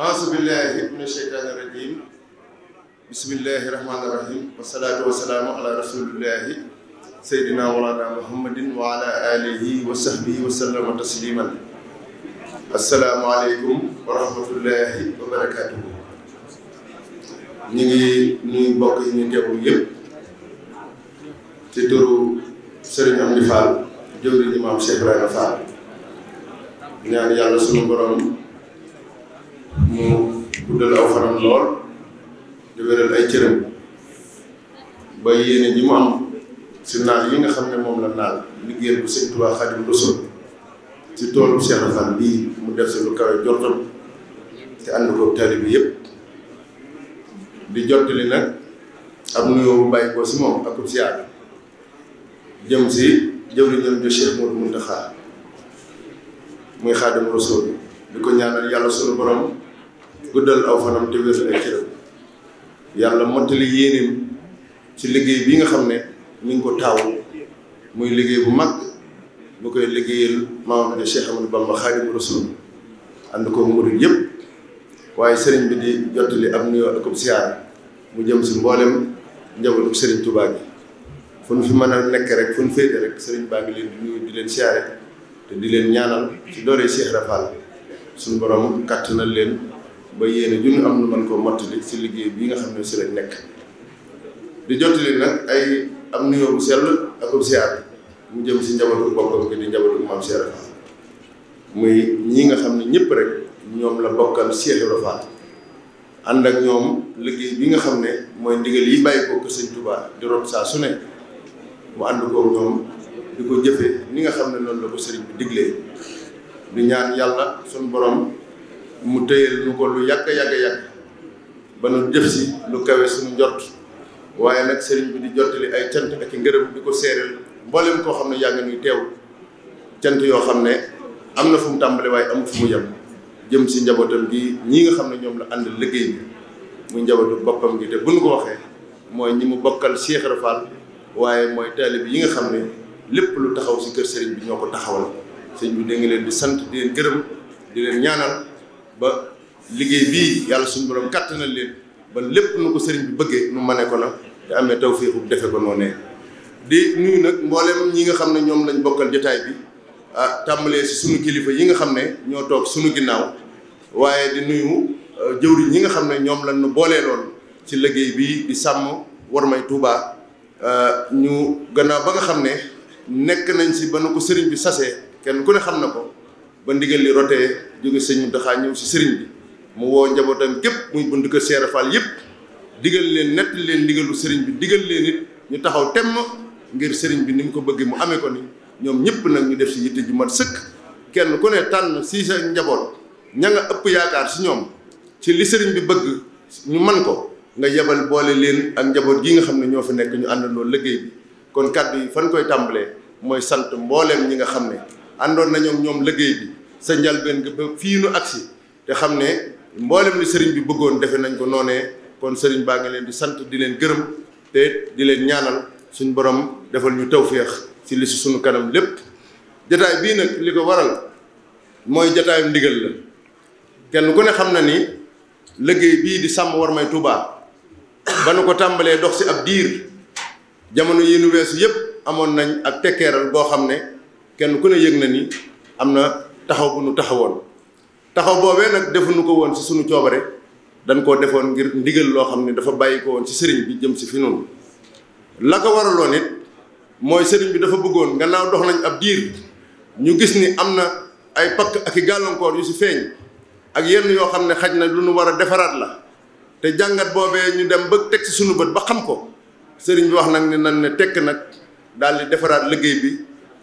أعوذ بالله من الشيطان الرجيم بسم الله الرحمن الرحيم والصلاة والسلام على رسول الله سيدنا مولانا محمد وعلى آله وصحبه وسلم تسليما السلام عليكم ورحمة الله وبركاته نيجي نيجي بوكي نيجي يب تدورو سرين أمني فال جوري إمام شيخ رانا فال ñaan yàlla sunu borom mu guddal aw fanam lool di wéral ay cëram ba yéene ji mu am si naal yi nga xam ne moom la naal liggéeyal bu sëñ Tuubaa Xaadimu Rasuul ci toolu Cheikh Fall bii mu def si lu kawe jortam te ànd ko taalibe yëpp di jottali nag ab nuyoo bu bàyyi ko si moom akub siyaar jëm si jëwriñam ju Cheikh Modou Mountakha muy Xaadimu Rasuul di ko ñaanal yàlla sunu borom guddal aw fanam te wéral ay yàlla mottali yéenéem ci liggéey bi nga xam ne mi ngi ko taawu muy liggéey bu mag mu koy liggéeyal maamam de Cheikh Amadou Bamba Xaadimu Rasuul ànd ko murid yëpp waaye sëriñ bi di jottali ab nuyoo ak ab siyaar mu jëm si mboolem njabootu sëriñ Touba bi fu ñu fi mën a nekk rek fu ñu féete rek sëriñ baa ngi leen di nuyu di leen siyaare te di leen ñaanal ci doole Cheikh Rafal suñu borom kàtt na leen. ba yéene ju am lu mën koo mottali si liggéey bi nga xam ne si lañ nekk di jotali nag ay am nuyo bu sell ak bu siar mu jëm si njabatu bokkam gi di njabootu maam muy ñi nga xam ne ñëpp rek ñoom la bokkal Cheikh Rafa ànd ak ñoom liggéey bi nga xam ne mooy ndigal yi bàyyi ko ko sëñ Touba di rot saa su ne mu ànd koog ñoom di ko jëfee ni nga xam ne noonu la ko sëriñ bi diglee di ñaan yàlla suñu borom. mu téyel ñu ko lu yàgg yàgg yàgg ba nu jëf si lu kawe suñu jot waaye nag sëriñ bi di jottali ay cant ak i ngërëm di ko séeréel mboolem koo xam ne yaa ngi nuy teew cant yoo xam ne am na fu mu tàmbale waaye amul fu mu yem jëm si njabootam gi ñi nga xam ne ñoom la ànd liggéey bi muy njabootu boppam gi te bu nu ko waxee mooy ñi mu bokkal Cheikh waaye mooy taalib yi nga xam ne lépp lu taxaw si kër sëriñ bi ñoo ko taxawal sëriñ bi da leen di sant di gërëm di leen ñaanal ba liggéey bii yàlla suñu borom na leen ba lépp nu ko sëriñ bi bëggee nu ma mane ko na te amee tawféexu defe ko ne di nuyu nag mbooleem ñi nga xam ne ñoom lañu bokkal jotaay bi ah tàmbalee si sunu kilifa yi nga xam ne ñoo toog sunu ginnaaw waaye di nuyu ah, jëwriñ ñi nga xam ne ñoom lañ boolee lool ci liggéey bii di sàmm warmay Touba ah, ñu gannaaw ba nga xam ne nekk nañ si ba nu ko sëriñ bi sasee kenn ku ne xam na ko. ba ndigal li rotee jóge sëñ Mountakha ñëw si sëriñ bi mu woo njabootam képp muy bunt kër Cheikh Fall yëpp digal leen nett leen ndigalu sëriñ bi digal leen it ñu taxaw temm ngir sëriñ bi ni mu ko bëggee mu amee ko ni ñoom ñëpp nag ñu def si yitte ju mat sëkk kenn ku ne tànn si sa njaboot ña nga ëpp yaakaar si ñoom ci li sëriñ bi bëgg ñu man ko nga yebal boole leen ak njaboot gi nga xam ne ñoo fi nekk ñu àndandoo léggéey bi kon kàddu yi fan koy tàmbalee mooy sant mbooleem ñi nga xam ne andon na ak ñom liggey bi sa njalbeen nga ba fi ñu aksi te xamne ne ni serigne bi bëggoon nañ ko noné kon serigne ba nga leen di sant di leen gërëm te di leen ñaanal suñu borom defal ñu tawfiix ci li suñu kanam lepp jotaay bi nak li waral moy jotaay ndigal la kenn ku ne xamna ni liggey bi di sam war may Touba ba ko tambalé dox ci ab diir jamono yi ñu wess yépp amon nañ ak bo kenn ku ne yëg na ni am na taxaw bu nu taxawoon taxaw boobee nag nu ko woon si sunu coobare dañ ko defoon ngir ndigal loo xam dafa bàyyi ko woon si sëriñ bi jëm si fi noonu la ko waraloon nit mooy sëriñ bi dafa bëggoon gannaaw dox nañ ab diir ñu gis ni am na ay pakk ak i gàllankoor yu si feeñ ak yenn yoo xam ne xaj na lu nu war a defaraat la te jàngat boobee ñu dem ba teg si sunu bët ba xam ko sëriñ bi wax nag ne nan ne tekk nag daal di defaraat liggéey bi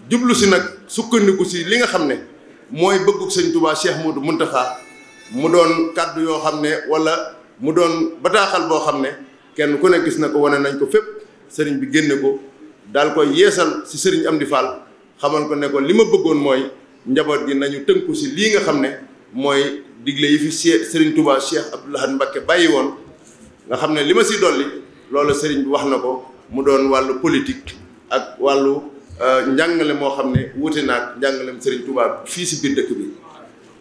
jublu si nag sukkandiku si li nga xam ne mooy bëggu sëñ Touba Cheikh Modou Mountakha mu doon kàddu yoo xam ne walla mu doon bataaxal boo xam ne kenn ku ne gis na ko wane nañ ko fépp sëriñ bi génne ko daal ko yeesal si sëriñ Amdi Fall xamal ko ne ko li ma bëggoon mooy njaboot gi nañu tënku si lii nga xam ne mooy digle yi fi sëriñ Touba Cheikh Abdoul Ahad Mbacké bàyyi woon nga xam ne li ma si dolli loolu sëriñ bi wax na ko mu doon wàllu politique ak wàllu Euh, njàngale moo xam ne wuute naag njàngalem Serigne Touba fii si biir dëkk bi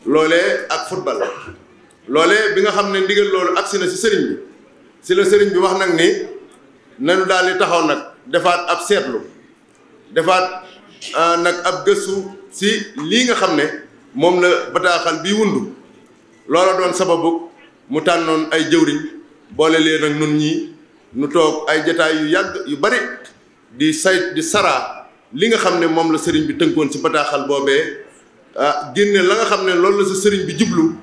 loolee ak football loolee bi nga xam ne ndigal loolu agsi na ci sëriñ bi si la sëriñ bi wax nag ni nañu daal di taxaw nag defaat ab seetlu defaat euh, nag ab gëstu si lii nga xam ne moom la bataaxal bi wundu loola doon sababu mu tànnoon ay jëwriñ boole leen ak nun ñii nu toog ay jataay yu yàgg yu bari di say di saraa li nga xam ne moom la sëriñ bi tënkoon ci bataaxal boobee ah génne la nga xam ne loolu la sa sëriñ bi jublu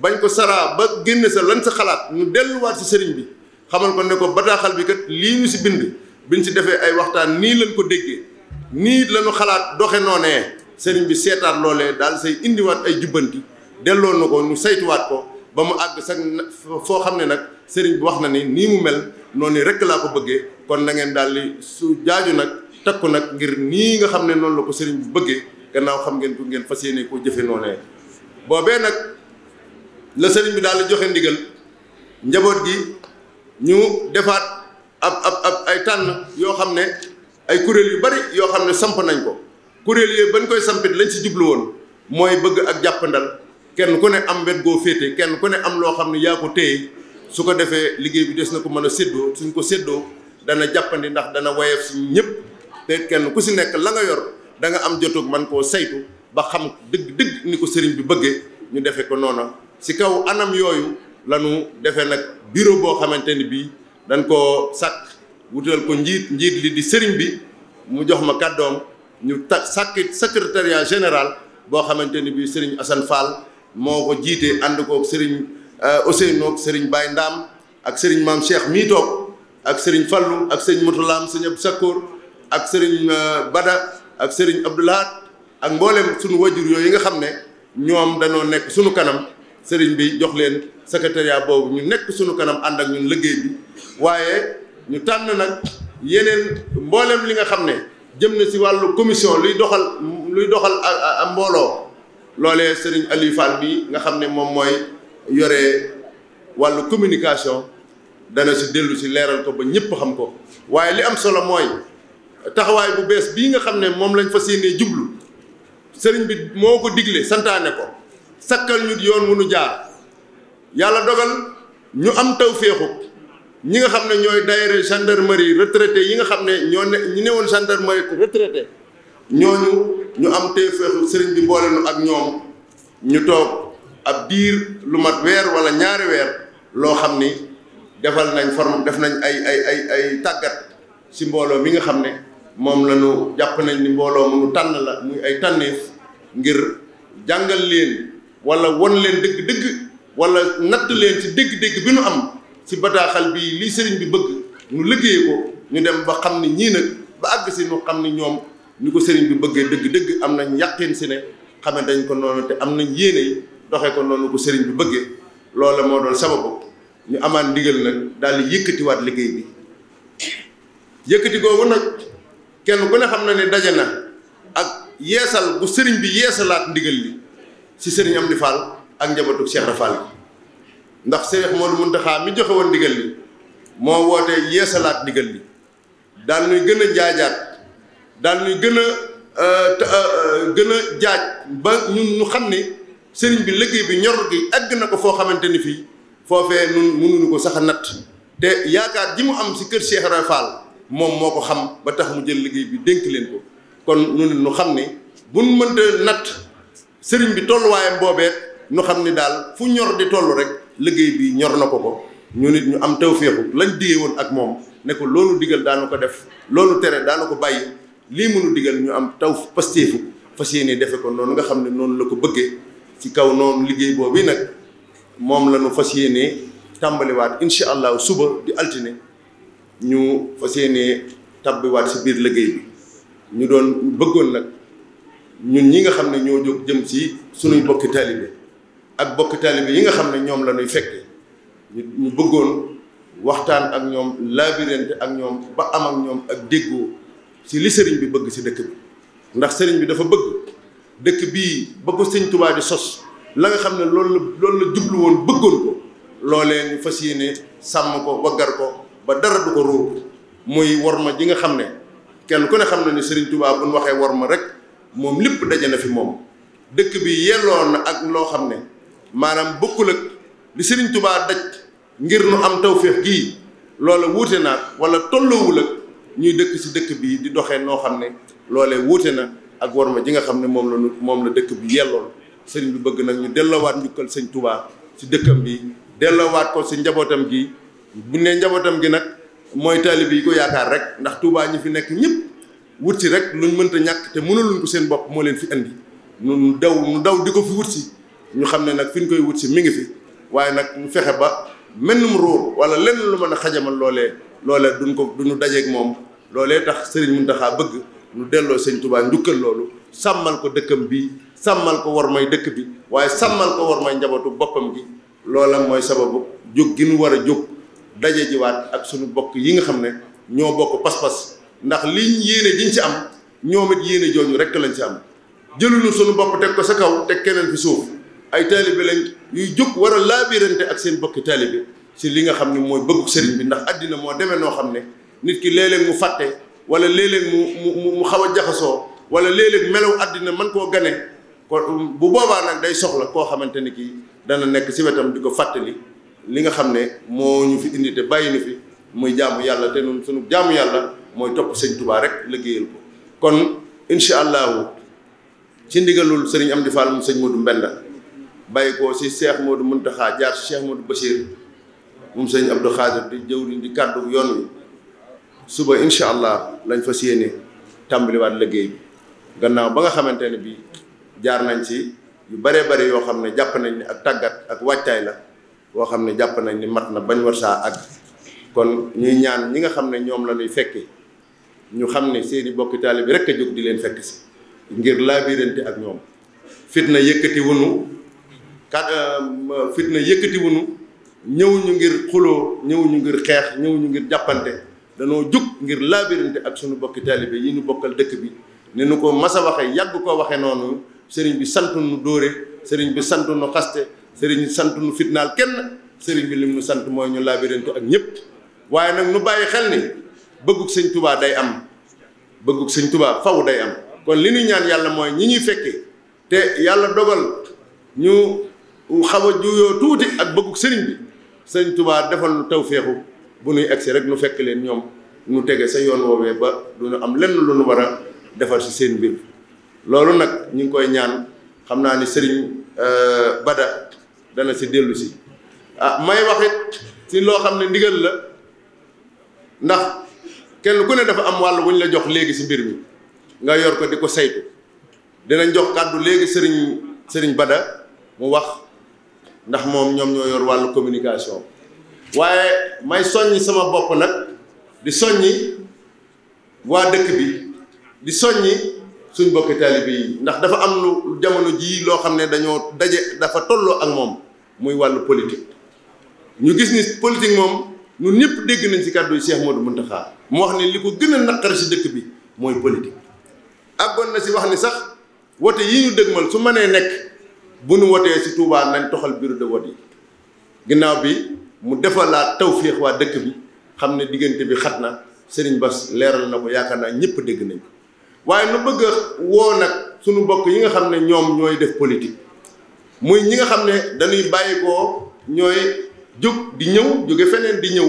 bañ ko saraa ba génne sa lañ sa xalaat ñu delluwaat ci sëriñ bi xamal ko ne ko bataaxal bi kat lii ñu si bind biñ si defee ay waxtaan nii lañ ko déggee nii lañu xalaat doxe noonee sëriñ bi seetaan loolee daal say indiwaat ay jubbanti delloo na ko ñu saytuwaat ko ba mu àgg sax foo xam ne nag sëriñ bi wax na ni nii mu mel noonu rekk laa ko bëggee kon na ngeen daal su jaaju nag takku nag ngir nii nga xam ne noonu la ko sëriñ bi bëggee gannaaw xam ngeen ko ngeen fas yéene ko jëfe noonee boobee nag la sëriñ bi daal la joxe ndigal njaboot gi ñu defaat ab ab ab ay tànn yoo xam ne ay kuréel yu bari yoo xam ne samp nañ ko kuréel yooyu bañ koy sampit lañ ci jublu woon mooy bëgg ak jàppandal kenn ku ne am wet goo féete kenn ku ne am loo xam ne yaa ko téye su ko defee liggéey bi des na ko mën a séddoo suñ ko séddoo dana jàppandi ndax dana woyof si ñëpp te kenn ku si nekk la nga yor da nga am jotug man ko saytu ba xam deug deug ni ko serigne bi bëggee ñu defe ko nono ci kaw anam yoyu lanu defee nak bureau bo xamanteni bi bii dañ koo sàkk wutal ko njit njit li di serigne bi mu jox ma kaddom ñu sak secrétariat général bo xamanteni bi serigne Assane Fall moo ko jiite ànd koog sëriñ euh, Ousseynou sëriñ Baye Ndam ak serigne mam Cheikh mi tok ak serigne fallu ak serigne mutulam serigne abou sakour ak sëriñ euh, Bada ak sëriñ Abdoulahat ak mbooleem sunu wajur yooyu nga xam ne ñoom dañoo nekk sunu kanam sëriñ bi jox leen secrétariat boobu ñu nekk sunu kanam ànd ak ñun liggéey bi waaye ñu tànn nag yeneen mbooleem li nga xam ne jëm na si wàllu commission luy doxal luy doxal a mbooloo loolee sëriñ Aliou bi nga xam ne moom mooy yore wàllu communication dana si dellu si leeral ko ba ñëpp xam ko waaye li am solo mooy taxaway bu bes, bi nga xamne ne lañ fas djublu serigne bi moko diglé santane ko sakkal ñu yoon wu jaar yalla dogal ñu am tawfiixu ñi nga xamne ne ñooy gendarmerie retraité yi nga xamne ne ñoo ne ñu newoon gendarmerie retraité ñoñu ñu am tawfiixu serigne bi boole nu ak ñom ñu tok ab bir lu mat wer wala ñaari weer lo xamni defal nañ form def nañ ay ay ay ay tagat ci mbolo mi nga xamne moom la ñu jàpp nañ ni mbooloo mu nu tànn la muy ay tànneef ngir jàngal leen wala won leen dëgg-dëgg wala natt leen ci dëgg-dëgg bi nu am ci bataaxal bi lii sëriñ bi bëgg nu liggéey ko ñu dem ba xam ni ñii ba àgg si ñu xam ni ñoom ñu ko sëriñ bi bëggee dëgg-dëgg am nañ yàqin si ne xame dañ ko noonu te am nañ yéene doxee ko noonu ko sëriñ bi bëggee loola moo doon sababu ñu amaan ndigal nag daal di yëkkatiwaat liggéey bi yëkkati googu nag. kenn ku ne xam na ne daje na ak yeesal bu sëriñ bi yeesalaat ndigal li si sëriñ di Fall ak njabootu Cheikh Rafal ndax Cheikh Modou Mountakha mi joxe woon ndigal li moo woote yeesalaat ndigal li daal ñuy gën a jaajaat daal ñuy gën a euh, euh, euh, gën a jaaj ba ñun ñu xam ne sëriñ bi liggéey bi ñor gi egg na ko foo xamante ni fii foofee nun mënuñu ko sax a natt te yaakaar ji mu am si kër Cheikh Rafal moom moo ko xam ba tax mu jël liggéey bi dénk leen ko kon ñun ñu xam ni bu mënta natt sëriñ bi tolluwaayam boobee ñu xam ni daal fu ñor di toll rek liggéey bi ñor na ko ko ñu nit ñu am tawféexu lañ digee woon ak moom ne ko loolu digal daanu ko def loolu tere daanu ko bàyyi lii mënu digal ñu am taw pastéefu fas yéene defe ko noonu nga xam ne noonu la ko bëggee ci kaw noonu liggéey boobu nag moom la fas yéenee tàmbaliwaat incha allah suba di altine ñu fas yéenee tabbiwaat si biir liggéey bi ñu doon bëggoon nag ñun ñi nga xam ne ñoo jóg jëm si sunuy bokki taalibe ak bokki taalibe yi nga xam ne ñoom la ñuy fekkee ñu bëggoon waxtaan ak ñoom laabirante ak ñoom ba am ak ñoom ak déggoo si li sëriñ bi bëgg si dëkk bi ndax sëriñ bi dafa bëgg dëkk bii ba ko sëñ Tuubaa di sos la nga xam ne loolu la loolu la jublu woon bëggoon ko loolee ñu fas yéene sàmm ko waggar ko ba dara du ko ruur muy worma ji nga xam ne kenn ku ne xam na ni Serigne tubaab bu ñu waxee worma rek moom lépp daje na fi moom dëkk bi yelloo na ak loo xam ne maanaam bokkul ak li Serigne Touba daj ngir nu am tawféex gii loola wuute na wala tolloowul ñuy dëkk ci dëkk bi di doxee noo xam ne loolee wuute na ak worma ji nga xam ne moom la moom la dëkk bi yellool sëriñ bi bëgg nag ñu delloowaat njukkal sëñ Touba ci dëkkam bi delloowaat ko ci njabootam gi. buñ nee njabootam gi nag mooy taalibe yi ko yaakaar rek ndax Touba ñi fi nekk ñëpp wut si rek luñ mënta ñàkk te mënaluñ ko seen bopp moo leen fi andi nu daw daw di ko fi wut si ñu xam ne nag fi koy wut si mi ngi fi waaye nag ñu fexe ba mennum ruur wala lenn lu mën a xajamal loolee loolee duñ ko duñu dajeeg moom loolee tax Serigne taxaa bëgg ñu delloo Sëñ Touba njukkal loolu sàmmal ko dëkkam bi sàmmal ko war may dëkk bi waaye sàmmal ko war may njabootu boppam gi loola mooy sababu jóg gi war a jóg daje jiwaat ak suñu bokk yi nga xam ne ñoo bokk pas-pas ndax liñ yéene jiñ ci am ñoom it yéene jooju rek lañ ci am jëluñu suñu bopp teg ko sa kaw te keneen fi suuf ay taalibe lañ yuy jóg war a laabirante ak seen bokki taalibe si li nga xam ne mooy bëggu sëriñ bi ndax àddina moo demee noo xam ne nit ki léeg mu fàtte wala léeg-léeg mu mu mu xaw a jaxasoo wala léeg melow àddina mën koo gane ko bu boobaa nag day soxla koo xamante ni kii dana nekk si wetam di ko fàttali li nga xam ne moo ñu fi indi te bàyyi ñu fi muy jaamu yàlla te ñun suñu jàmm yàlla mooy topp sëñ Touba rek liggéeyal ko kon incha allahu ci ndigalul sëriñ Amdi Fall mu sëñ Modou Mbenda bàyyi ko si du Modou Mountakha jaar si Cheikh Modou Bachir moom sëñ Abdou Khadir di li di kàddu yoon wi suba incha allah lañ fas yéene tàmbaliwaat liggéey bi gannaaw ba nga xamante ne bii jaar nañ ci yu baree bare yoo xam ne jàpp nañ ne ak tàggat ak wàccaay la. boo xam ne jàpp nañ ni mat na bañ war saa àgg kon ñuy ñaan ñi nga xam ne ñoom la ñuy fekkee ñu xam ne seeni bokki taalibe bi rek a jóg di leen fekk si ngir laabirante ak ñoom fitna yëkkati wunu kat euh, fitna yëkkati wunu ñëw ngir xuloo ñëw ñu xeex ñëw ngir jàppante danoo jug ngir laabirante ak suñu bokki taalibe yi ñu bokkal dëkk bi ni nu ko mas a waxee yàgg ko waxee noonu sëriñ bi sant nu dóore sëriñ bi sant nu xaste sëriñ sant nu fitnaal kenn sëriñ bi li nu sant mooy ñu laabireentu ak ñëpp waaye nag nu bàyyi xel ni bëggug sëñ tubaa day am bëggug sëñ tubaa faw day am kon li ñuy ñaan yàlla mooy ñi ñuy fekke te yàlla dogal ñu xaw a juyoo ak bëggug sëriñ bi sëñ tubaa defal nu tawféexu bu nuy egsi rek nu fekk leen ñoom nu tege sa yoon woowee ba du ñu am lenn lu nu war a defar si seen mbir loolu nag ñu ngi koy ñaan xam naa ni sëriñ euh, Bada dana si dellu si ah may wax it si loo xam ne ndigal la ndax kenn ku ne dafa am wàll wuñ la jox léegi si mbir mi nga yor ko di ko saytu dinañ jox kàddu léegi sëriñ sëriñ Bada mu wax ndax moom ñoom ñoo yor wàllu communication waaye may soññi sama bopp nag di soññi waa dëkk bi di soññi suñ bokki taalibe yi ndax dafa am lu jamono jii loo xam ne dañoo daje dafa tolloo ak moom muy wàllu politique ñu gis ni politique moom ñun ñëpp dégg nañ ci kàddu yi Cheikh Modou xaar mu wax ne li ko gën a naqar ci dëkk bi mooy politique àggoon na ci wax ni sax wote yi ñu dëgmal su mënee nekk bu nu wotee ci Touba nañ toxal bureau de vote yi ginnaaw bi mu defalaat tawféex waa dëkk bi xam ne diggante bi xat na Serigne Bass leeral na ko yaakaar naa ñëpp dégg nañ waaye nu bëgg woo nag sunu bokk yi nga xam ne ñoom ñooy def politique muy ñi nga xam ne dañuy bàyyi koo ñooy jóg di ñëw jóge feneen di ñëw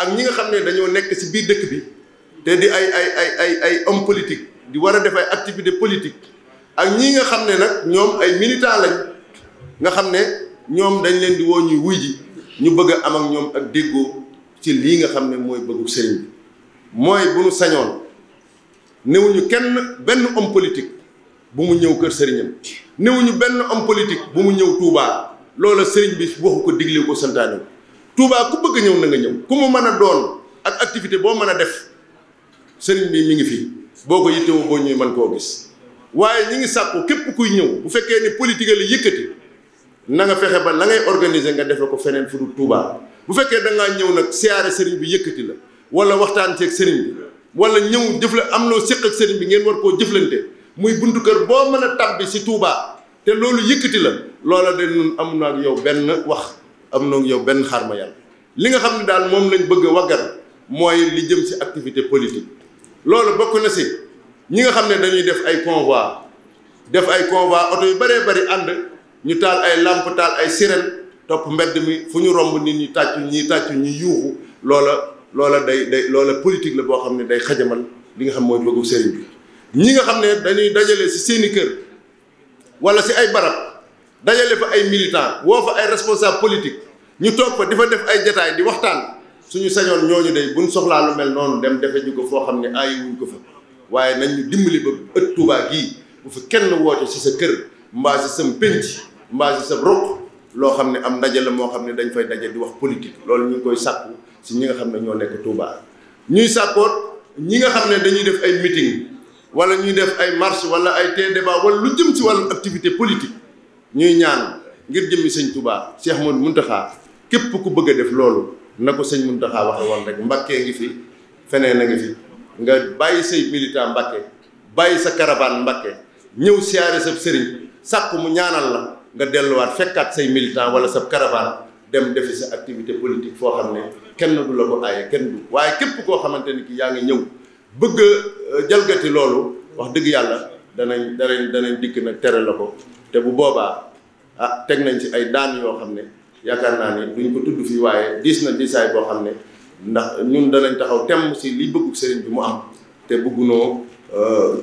ak ñi nga xam ne dañoo nekk ci biir dëkk bi te di ay ay ay ay ay homme di war a def ay activité politique ak ñi nga xam ne nag ñoom ay militant lañ nga xam ne ñoom dañ leen di woo ñuy wuy ji ñu bëgg a am ñoom ak déggoo ci lii nga xam ne mooy bëggul sëriñ bi mooy bu nu sañoon newuñu kenn benn homme politique bu mu ñëw kër sëriñam newuñu benn homme politique bu mu ñëw Touba loola sëriñ bi waxu ko digle ko santaane Touba ku bëgg ñëw na nga ñëw ku mu mën a doon ak activité boo mën a def sëriñ bi mi ngi fi boo ko yittewoo boo ñuy mën koo gis waaye ñu ngi sàkku képp kuy ñëw bu fekkee ni politique la yëkkati na nga fexe ba la ngay organiser nga defe ko feneen fu dul Touba bu fekkee da ngaa ñëw nag siyaare sëriñ bi yëkkati la wala waxtaan ceeg sëriñ bi wala ñëw jëfla am loo séq ak sëriñ bi ngeen war koo jëflante muy buntu kër boo mën a tàbbi si Touba te loolu yëkkati la loola de nun am na ak yow benn wax am na ak yow benn xarma yàlla li nga xam ne daal moom lañ bëgg a waggar mooy li jëm si activité politique loolu bokk na si ñi nga xam ne dañuy def ay convoi def ay convoi oto yu bëree bëri ànd ñu taal ay lampe taal ay sirène topp mbedd mi fu ñu romb nit ñu tàccu ñi tàccu ñu yuuxu loola loola day day loola politique la boo xam ne day xajamal li nga xam mooy bëggu sëriñ bi ñi nga xam ne dañuy dajale ci seeni kër walla ci ay barab dajale fa ay militants woo fa ay responsable politique ñu toog fa di fa def ay jataay di waxtaan suñu sañoon ñooñu day buñ soxlaa lu mel noonu dem defe ñu ko foo xam ne ay wuñ ko fa waaye nañ ñu dimbali ba ëtt Tuubaa gii bu fi kenn woote ci sa kër mbaa ci sa pénc mbaa ci sa ruq loo xam ne am ndaje la moo xam ne dañ fay daje di wax politique loolu ñu ngi koy sàkku ci ñi nga xam ne ñoo nekk Tuubaa ñuy sàkkoot ñi nga xam ne dañuy def ay meeting wala ñuy def ay marche wala ay te débat lu jëm si wàllum activité politique ñuy ñaan ngir jëmmi sëñ Touba Cheikh Modou Mountakha képp ku bëgg a def loolu na ko sëñ Mountakha waxe woon rek Mbacké ngi fi feneen a ngi fi nga bàyyi say militant Mbacké bàyyi sa caravane Mbacké ñëw siyaare sa sëriñ sàkk mu ñaanal la nga delluwaat fekkaat say militant wala sa caravane dem defi sa activité politique foo xam ne kenn du la ko aaye kenn du waaye képp koo xamante ni ki yaa ñëw Euh, jalgati loolu wax dëgg yàlla danañ danañ danañ dikk nag tere la ko te bu boobaa ah teg nañ ci ay daan yoo xam ne yaakaar naa ne duñ ko tudd fii waaye diis na diisaay boo xam ne ndax ñun danañ taxaw temm si li bëggu sëriñ bi mu am te bëggunoo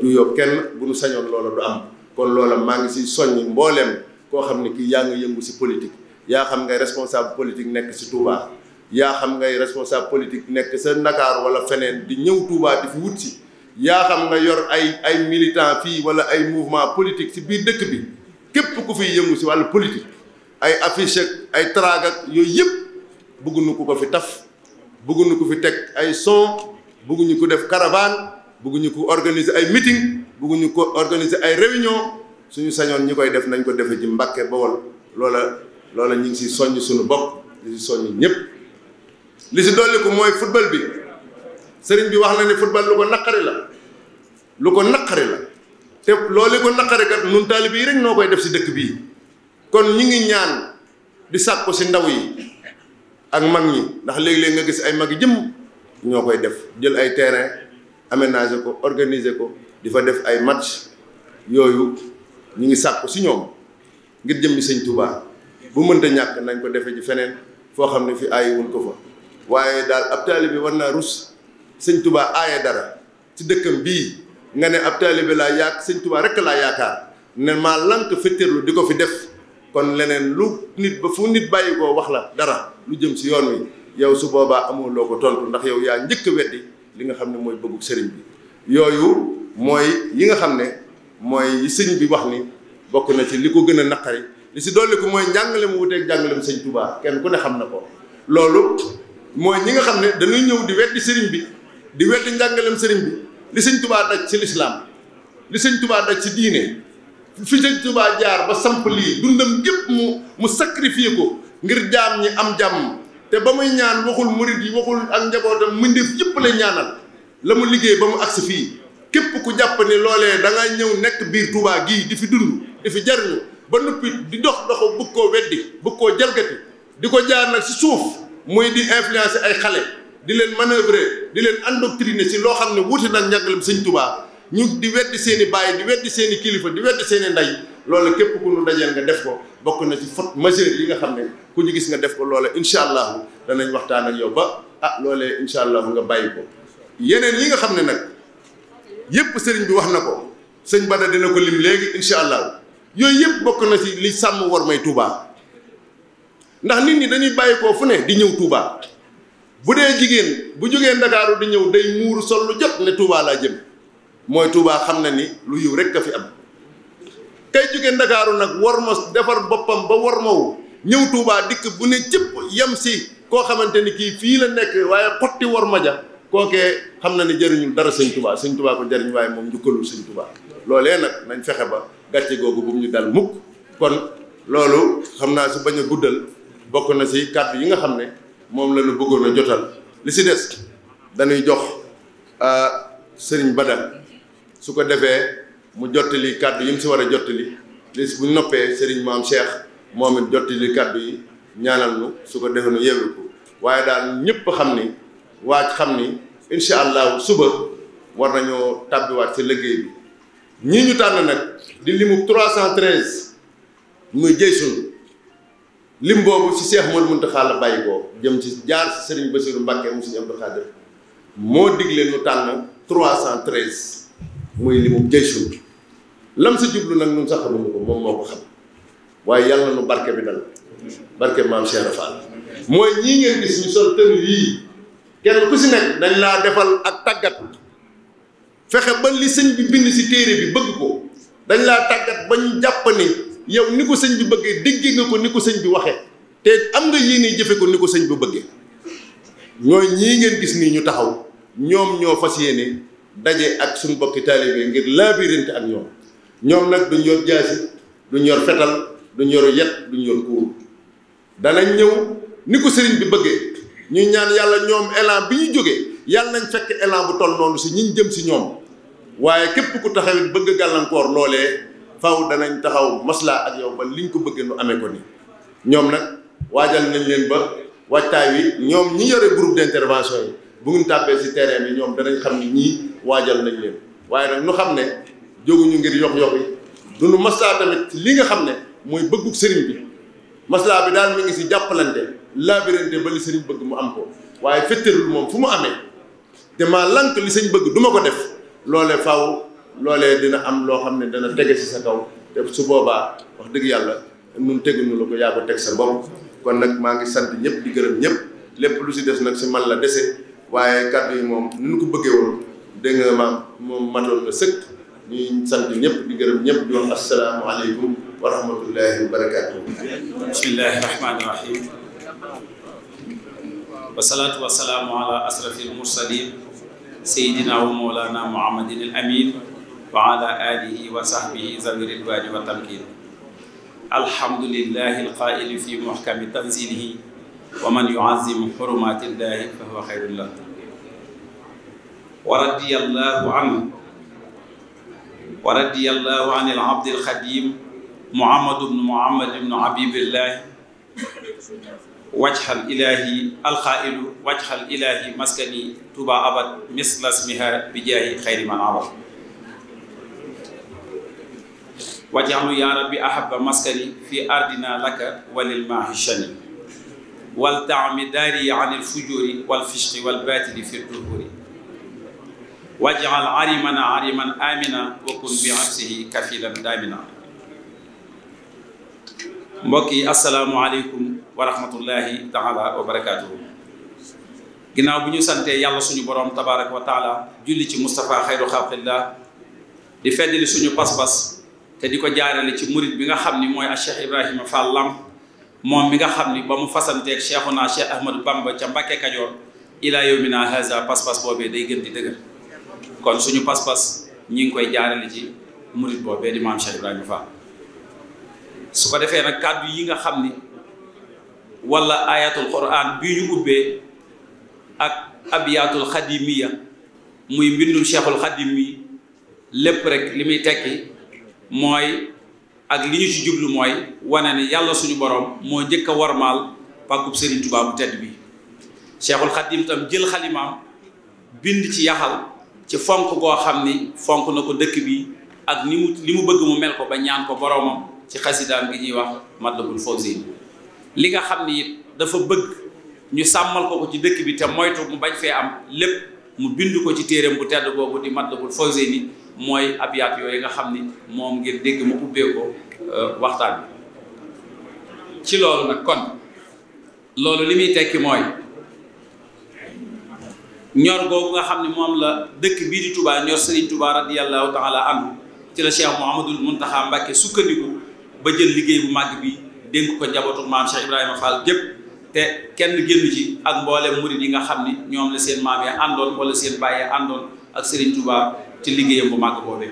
juyoo euh, kenn bu nu sañoon loola du am kon loola maa ngi si soññi mbooleem koo xam ne kii yaa ngi yëngu si politique yaa xam ngay responsable politique nekk si Touba yaa xam ngay responsable politique nekk sa ndakaar wala feneen di ñëw Touba di fi wut Il y a yor ay ay militant fii wala ay mouvement politique ci biir qui bi képp ku ci politique ay affiche ay traag ak yooyu yëpp bëgguñu ko taf bëgguñu ko fi ay son bëgguñu ko def caravane nous ko organiser ay meeting nous ko organiser ay réunion nous sañoon ñi koy def nañ ko defe Nous Mbàkke Bawol loola loola ngi di football na football lu ko naqari la te loolu ko naqari kat nun taalibe yi rek noo koy def si dëkk bii kon ñi ngi ñaan di sàkku si ndaw yi ak mag ñi ndax léeg-léeg nga gis ay mag yi jëm ñoo koy def jël ay terrain aménager ko organiser ko di fa def ay match yooyu ñu ngi sàkku si ñoom ngir jëmmi sëñ Touba bu mënta ñàkk nañ ko defe ci feneen foo xam ne fi aayi wuñ ko fa waaye daal ab taalibe war naa rus sëñ Touba aaye dara si dëkkam bii nga ne ab taalibe laa yaak sëñ Tuubaa rekk laa yaakaar ne maa lant fettirlu di ko fi def kon leneen lu nit ba fu nit bàyyi koo wax la dara lu jëm si yoon wi yow su boobaa amoo loo ko tontu ndax yow yaa njëkk a weddi li nga xam ne mooy bëggu sëriñ bi yooyu mooy yi nga xam ne mooy yi bi wax ni bokk na ci li ko gën a naqari li si dolli ko mooy njàngale mu wuteeg njàngale mu sëñ Tuubaa kenn ku ne xam na ko loolu mooy ñi nga xam ne dañuy ñëw di weddi sëriñ bi di weddi njàngaleem sëriñ bi li sëñ tubaa daj ci lislaam li sëñ tubaa daj ci diine fi sëñ tubaa jaar ba samp lii dundam gépp mu mu sacrifié ko ngir jaam ñi am jàmm te ba muy ñaan waxul murit yi waxul ak njabootam mbindeef yëpp la ñaanal la mu liggéey ba mu agsi fii képp ku jàpp ni loolee da ngay ñëw nekk biir tubaa gii di fi dund di fi jariñu ba noppi di dox doxu bëgg koo weddi bëgg koo jalgati di ko jaar nag si suuf muy di influencer ay xale di leen manœuvrer di leen endoctriner si loo xam ne wuute nag njàngalem sëñ Tuubaa ñu di weddi seen i bàyyi di weddi seen i kilifa di weddi seen i ndey loolu képp ku nu dajeel nga def ko bokk na ci faute majeure yi nga xam ne ku ñu gis nga def ko loola incha allahu danañ waxtaan ak yow ba ah loolee incha allahu nga bàyyi ko. yeneen yi nga xam ne nag yëpp sëriñ bi wax na ko sëñ Bada dina ko lim léegi incha allahu yooyu yëpp bokk na ci li sàmm war may Touba ndax nit ñi dañuy bàyyi koo fu ne di ñëw Touba. bu dee jigéen bu jógee ndakaaru di ñëw day muuru sol lu jot ne Touba laa jëm mooy Touba xam na ni lu yiw rek a fi am kay jógee ndakaaru nag war defar boppam ba war mawu ñëw tuubaa dikk bu ne cëpp yem si koo xamante ni kii fii la nekk waaye xotti war ma ja kookee xam na ni jëriñul dara sëñ Touba sëñ Touba ko jëriñ waaye moom njukkalul sëñ Touba loolee nag nañ fexe ba gàcce googu bu ñu dal mukk kon loolu xam naa si bañ a guddal bokk na si kàddu yi nga xam ne moom la ñu bëggoon a jotal li si des dañuy jox euh, sëriñ Bada su ko defee mu jottali kàddu yi mu si war a jottali li si bu noppee sëriñ maam Cheikh moom it jottali kàddu yi ñaanal nu su ko defee nu yeewee ko waaye daal ñëpp xam ni waaj xam ni incha allahu suba war nañoo tàbbiwaat si liggéey bi ñii ñu tànn nag di limu 313 muy jëy sunu lim boobu ci Seex Moodu Muntaxa la bàyyi ko jëm ci jaar ci Sëriñ Basiiru Mbàkke mu jëm Abdu Xaadir moo digle nu tànn trois cent treize muy limu jëysul lam sa jublu nag ñun sax xamuñu ko moom moo ko xam waaye yàlla nu barke bi dal barke maam Cheikh Fall mooy ñii ngeen gis ñu sol tënu yii kenn ku si nekk dañ laa defal ak tàggat fexe ba li sëñ bi bind si téere bi bëgg ko dañ laa tàggat ba ñu jàpp ni yow niko señ bi bëgge déggee nga ko niko señ bi waxee té am nga yéene jëfé ko niko señ bi bëgge ñoy ñi ngeen gis ni ñu taxaw ñom ñoo fas yéene ak suñu bokki talibé ngir laabirante ak ñom ñom nak duñ yor jaasi duñ yor fetal duñ yor yett duñ yor kuur da ñëw ñew niko señ bi bëgge ñu ñaan yalla ñom élan bi ñu joggé yalla nañ fekk élan bu toll nonu si ñiñ jëm ci ñom waye képp ku taxawit bëgg gàllankoor lolé faw danañ taxaw maslaa ak yow ba liñ ko bëggee nu amee ko ni ñoom nag waajal nañ leen ba waajtaay wi ñoom ñi yore groupe d'intervention yi bu ngeen tàbbee si terrain bi ñoom danañ xam ni ñii waajal nañ leen waaye nag ñu xam ne jóguñu ngir yox yox yi du nu maslaa tamit li nga xam ne mooy bëggug sëriñ bi maslaa bi daal mu ngi si jàppalante laabirante ba li sëriñ bëgg mu am ko waaye fetteerul moom fu mu amee te maa lank li sëñ bëgg duma ko def loolee faaw loolee dina am loo xam ne dana tege ci sa kaw te su boobaa wax dëgg yàlla nun teguñu la ko yaa teg sa bopp kon nag maa ngi sant ñëpp di gërëm ñëpp lépp lu si des nag si man la dese waaye kàddu yi moom nu ñu ko bëggee woon dégg nga maam moom matoon na sëkk ñuy sant ñëpp di gërëm ñëpp di wax asalaamaaleykum wa rahmatullahi wa barakaatu. bismillahi rahmaani rahim. wasalaatu wasalaamu ala asrafil mursalin sayyidina wa mawlana muhammadin al amin وعلى آله وصحبه زمير الرضوان والتمكين الحمد لله القائل في محكم تنزيله ومن يعظم حرمات الله فهو خير له ورضي الله عنه ورضي الله عن العبد الخديم محمد بن محمد بن حبيب الله وجه الإله القائل وجه الإله مسكني تبا أبد مثل اسمها بجاه خير من عبد وجعلوا يا ربي أحب مسكني في أرضنا لك وللماحشني والتعم داري عن الفجور والفشق والباتل في الظهور وجعل عريمنا عريما آمنا وكن بعفسه كفيلا دامنا مبكي السلام عليكم ورحمة الله تعالى وبركاته ginaaw buñu santé yalla suñu borom tabaarak wa ta'ala julli ci mustafa khairu khalqillah di fédeli suñu pass pass te diko jaarale ci mouride bi nga xamni moy a Cheikh Ibrahima fallam mom mi nga xamni bamu ba ak Cheikhuna Cheikh Ahmadou Bamba ci Mbàkke kadior ila yawmina haza pass pass bobé day gën di deugal kon sunu pass pass ñi ngi koy jaarale ci mouride bobé di mam Cheikh Ibrahima Fall su ko defé nak kàddu yi nga xamni wala ayatul quran bi ñu ubbé ak abiyatul khadimiyya muy mbindum cheikhul xadim lépp rek limi tekki mooy ak li ñu ci jublu mooy wane ni yàlla suñu borom moo njëkk a warmaal pàkkub Serigne Touba bu tedd bi Cheikhul Khadim tam jël xalimaam bind ci yaxal ci fonk goo xam ni fonk na ko dëkk bi ak ni mu li mu bëgg mu mel ko ba ñaan ko boromam ci xasidaam gi ñuy wax Matlabul Fawzayni li nga xam ni it dafa bëgg ñu sàmmal ko ko ci dëkk bi te moytu mu bañ fee am lépp mu bind ko ci téereem bu tedd boobu di Matlabul Fawzayni mooy abiyaat yooyu nga xam ni moom ngeen dégg ma ubbee euh, waxtaan bi ci loolu nag kon loolu li muy tekki mooy ñor googu nga xam ne moom la dëkk bii di Touba ñor Serigne Touba radiyallahu taala am ci la Cheikh mun Mountakha Mbacké sukkandiku ba jël liggéey bu màgg bi dénk ko njabootu maam Cheikh Ibrahima te kenn génn ci ak mboole murid yi nga xam ni ñoom la seen maam àndoon wala seen bàyyee àndoon ak Serigne Touba ci liggéeyam bu màgg boobee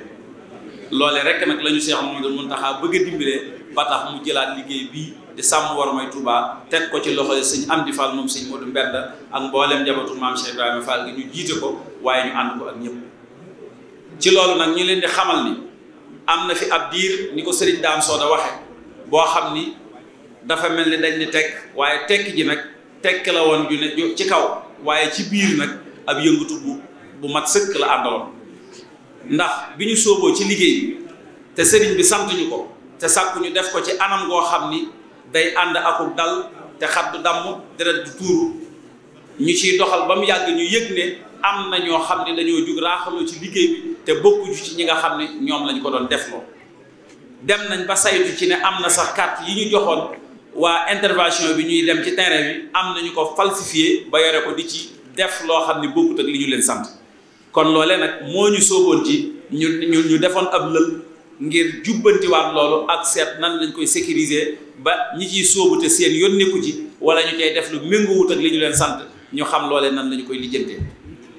loole rek nag la ñu Cheikh Mouhamadou Mountakha bëgg a dimbale ba tax mu jëlaat liggéey bii di sàmm war may tubaa teg ko ci loxo sëñ Amdi Fall moom sëñ Modou Mbedda ak mboolem njabootu maam Cheikh Ibrahima Fall ñu jiite ko waaye ñu ànd ko ak ñëpp ci loolu nag ñu leen di xamal ni am na fi ab diir ni ko sëriñ Daam Sooda waxe boo xam ni dafa mel ni dañ ni tekk waaye tekk ji nag tekk la woon ju ne ci kaw waaye ci biir nag ab yëngatu bu bu mat sëkk la àndaloon ndax bi ñu sooboo ci liggéey bi te sëriñ bi sant ñu ko te sàkku ñu def ko ci anam goo xam ni day ànd akuk dal te xat du damm deret du tuuru ñu ciy doxal ba mu yàgg ñu yëg ne am na ñoo xam ne dañoo jug raaxaloo ci liggéey bi te bokkuñu ci ñi nga xam ne ñoom lañ ko doon def loo dem nañ ba saytu ci ne am na sax carte yi ñu joxoon waa intervention bi ñuy dem ci terrain bi am nañu ko falsifié ba yore ko di ci def loo xam ne bokkut ak li ñu leen sant kon loole nag moo ñu sóoboon ji ñu ñu ñu defoon ab lël ngir jubbantiwaat loolu ak seet nan lañ koy sécuriser ba ñi ciy sóobu te seen yoon nekku ci wala ñu cay def lu méngoowut ak li ñu leen sant ñu xam loole nan lañu koy lijjante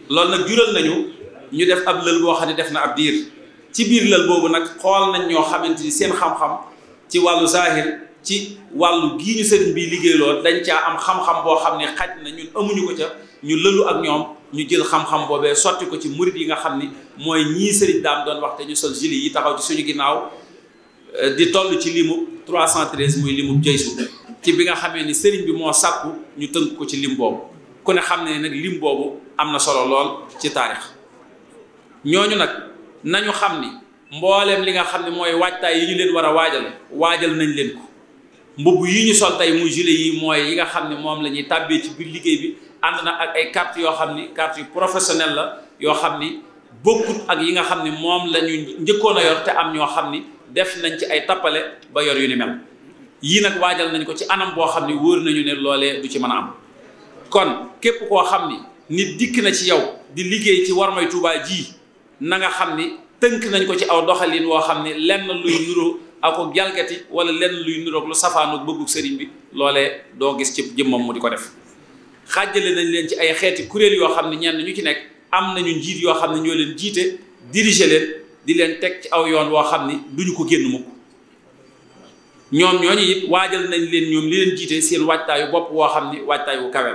loolu nag jural nañu ñu def ab lël boo xam ne def na ab diir ci biir lël boobu nag xool nañ ñoo xamante ni seen xam-xam ci wàllu zahir ci wàllu gii ñu sëriñ bi liggéeyloo dañ caa am xam-xam boo xam ne xaj na ñun amuñu ko ca ñu lëlu ak ñoom ñu jël xam-xam boobee sotti ko ci murit yi nga xam ni mooy ñii sëriñ daam doon wax te ñu sol gili yi taxaw ci suñu ginnaaw euh, di toll ci limub 313 muy limub jaysu ci bi nga xamee ni sëriñ bi moo sàkku ñu tënk ko ci lim boobu ku ne xam ne nag lim boobu am na solo lool ci taarix ñooñu nag nañu xam ni mbooleem li nga xam ne mooy waajtaay yi ñu leen war a waajal waajal nañ leen ko mbubb yi ñu sol tey mu jule yi mooy yi nga xam ne moom la ñuy tàbbee ci biir liggéey bi ànd na ak ay carte yoo xam ni carte yu professionnel la yoo xam ni bokkut ak yi nga xam ni moom la ñu njëkkoon a yor te am ñoo xam ni def nañ ci ay tappale ba yor yu ni mel yii nag waajal nañ ko ci anam boo xam ni wóor nañu ne loolee du ci mën a am kon képp koo xam ni nit dikk na ci yow di liggéey ci warmay Tuubaa ji na nga xam ni tënk nañ ko ci aw doxalin woo xam ni lenn luy nuroo ako jalgati wala lenn luy nuroog lu safaanoog bëggu sëriñ bi loolee doo gis ci jëmmam mu di ko def xàjjale nañ leen ci ay xeeti kuréel yoo xam ne ñenn ñu ci nekk am nañu njiit yoo xam ne ñoo leen jiite diriger leen di leen teg ci aw yoon woo xam ni duñu ko génn mukk ñoom ñooñu it waajal nañ leen ñoom li leen jiite seen waajtaayu bopp woo xam ni waajtaayu kawe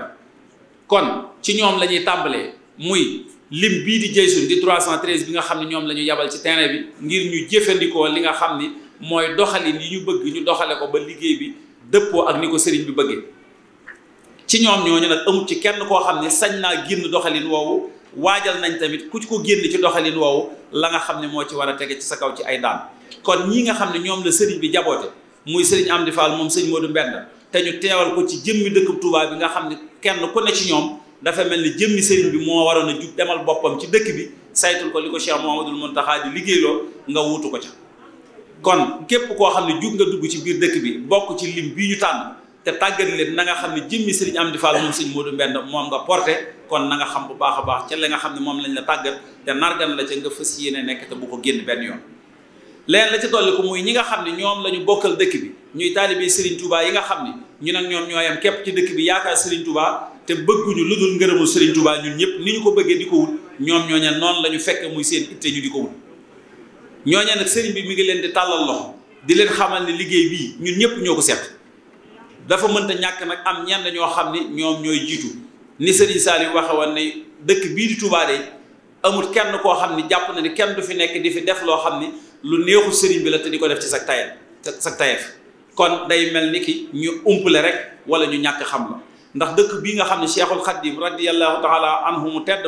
kon ci ñoom la ñuy tàmbalee muy lim bii di jëysun di 313 bi nga xam ne ñoom la ñu yabal ci terrain bi ngir ñu jëfandikoo li nga xam ni mooy doxalin yi ñu bëgg ñu doxale ko ba liggéey bi dëppoo ak ni sëriñ bi bëggee ci ñoom ñooñu nag amul ci kenn koo xam ne sañ naa génn doxalin woowu waajal nañ tamit ku ci ko génn ci doxalin woowu la nga xam ne moo ci war a tege ci sa kaw ci ay daan kon ñi nga xam ne ñoom la sëriñ bi jaboote muy sëriñ Amdi Fall moom sëñ Modou Mbend te ñu teewal ko ci jëmmi dëkk Touba bi nga xam ne kenn ku ne ci ñoom dafa mel ni jëmmi sëriñ bi moo waroon a jub demal boppam ci dëkk bi saytul ko li ko Cheikh Mouhamadoul Mountakha di liggéeyloo nga wuutu ko ca kon képp koo xam ne jug nga dugg ci biir dëkk bi bokk ci lim bii ñu tànn te tàggat leen na nga xam ne jëmmi sëriñ Amdi Fall moom sëriñ Modou Mbend moom nga porté kon nanga xam bu baax a baax ca la nga xam ne moom lañ la tàggat te nargan la ca nga fas yéene nekk te bu ko génn benn yoon leen la ca dolli ko muy ñi nga xam ne ñoom la ñu bokkal dëkk bi ñuy taalibe Serigne Touba yi nga xam ne ñu nag ñoom ñoo yam képp ci dëkk bi yaakaar Serigne Touba te bëgguñu lu dul ngërëmul Serigne Touba ñun ñëpp ni ñu ko bëggee di ko ñoom ñooñ noonu la ñu fekk muy seen itte ñu di ko wut ñooñe bi mi ngi leen di tàllal loxo di leen xamal ne liggéey bii ñun ñëpp ñoo ko seet dafa mënta ñak nak am ñenn ñoo xamni ñom ñoy jitu ni Serigne sali waxa won ne dëkk bi di Touba de amul kenn ko xamni jàpp na ni kenn du fi nekk di fi def lo xamni lu neexu Serigne bi la te diko def ci sak tayal sak tayef kon day mel ni ki ñu umpale rek wala ñu ñak xam la ndax dëkk bi nga xamni Cheikhul Khadim radiyallahu taala anhu mu tedd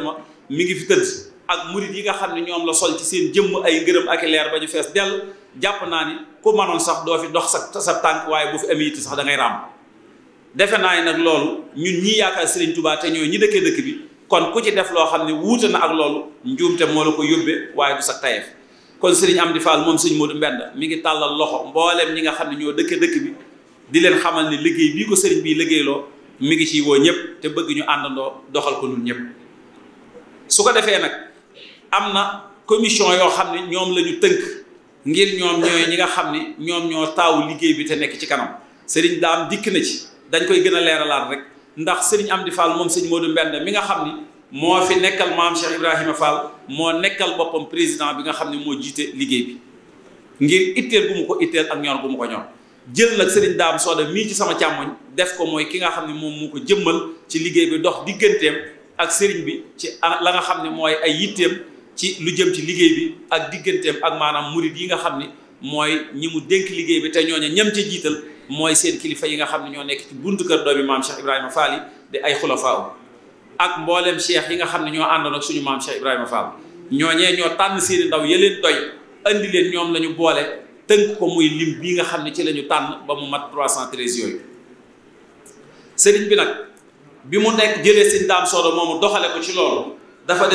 mi ngi fi teud ak murid yi nga xamni ñom la sol ci seen jëm ay ngeureum ak leer bañu fess del jàpp na ni ko manon sax do fi dox sa sa tànk waye bu fi amee sax da ngay ram defe naa nag loolu ñun ñii yaakaar Serigne Touba te ñooy ñi dëkkee dëkk bi kon ku ci def loo xam ne wuute na ak loolu njuumte moo la ko yóbbee waaye du sax tayeef kon am di faal moom Serigne Modou Mbenda mi ngi tàllal loxo mbooleem ñi nga xam ne ñoo dëkkee dëkk bi di leen xamal ne liggéey bii ko Serigne bii liggéeyloo mi ngi ciy woo ñëpp te bëgg ñu àndandoo doxal ko ñun ñëpp su ko defee nag am na commission yoo xam ne ñoom la ñu tënk. ngir ñoom ñooy ñi nga xam ni ñoom ñoo taawu liggéey bi te nekk ci kanam sëriñ daam dikk na ci dañ koy gën a leeralaat rek ndax sëriñ Amdi Fall moom sëñ Modou Mbend mi nga xam ni moo fi nekkal maam Cheikh Ibrahima Fall moo nekkal boppam président bi nga xam ne moo jiite liggéey bi ngir itteel bu mu ko itteel ak ñor gu mu ko ñor jël nag sëriñ daam sooda mii ci sama càmmoñ def ko mooy ki nga xam ne moom moo ko jëmmal ci liggéey bi dox digganteem ak sëriñ bi ci la nga xam ne mooy ay yitteem ci lu jëm ci liggéey bi ak digganteem ak maanaam murid yi nga xam ni mooy ñi mu dénk liggéey bi te ñooña ñam ca jiital mooy seen kilifa yi nga xam ne ñoo nekk ci buntu kër doomi maam Cheikh Ibrahima Fall yi di ay xulafaa ak mbooleem cheikh yi nga xam ne ñoo àndoon ak suñu maam Cheikh Ibrahima Fall ñooñee ñoo tànn seeni ndaw yeleen doy andi leen ñoom lañu ñu boole tënk ko muy lim bii nga xam ne ci lañu tànn ba mu mat 313 yooyu sëriñ bi nag bi mu nekk jëlee si daam soodo moomu doxale ko ci loolu dafa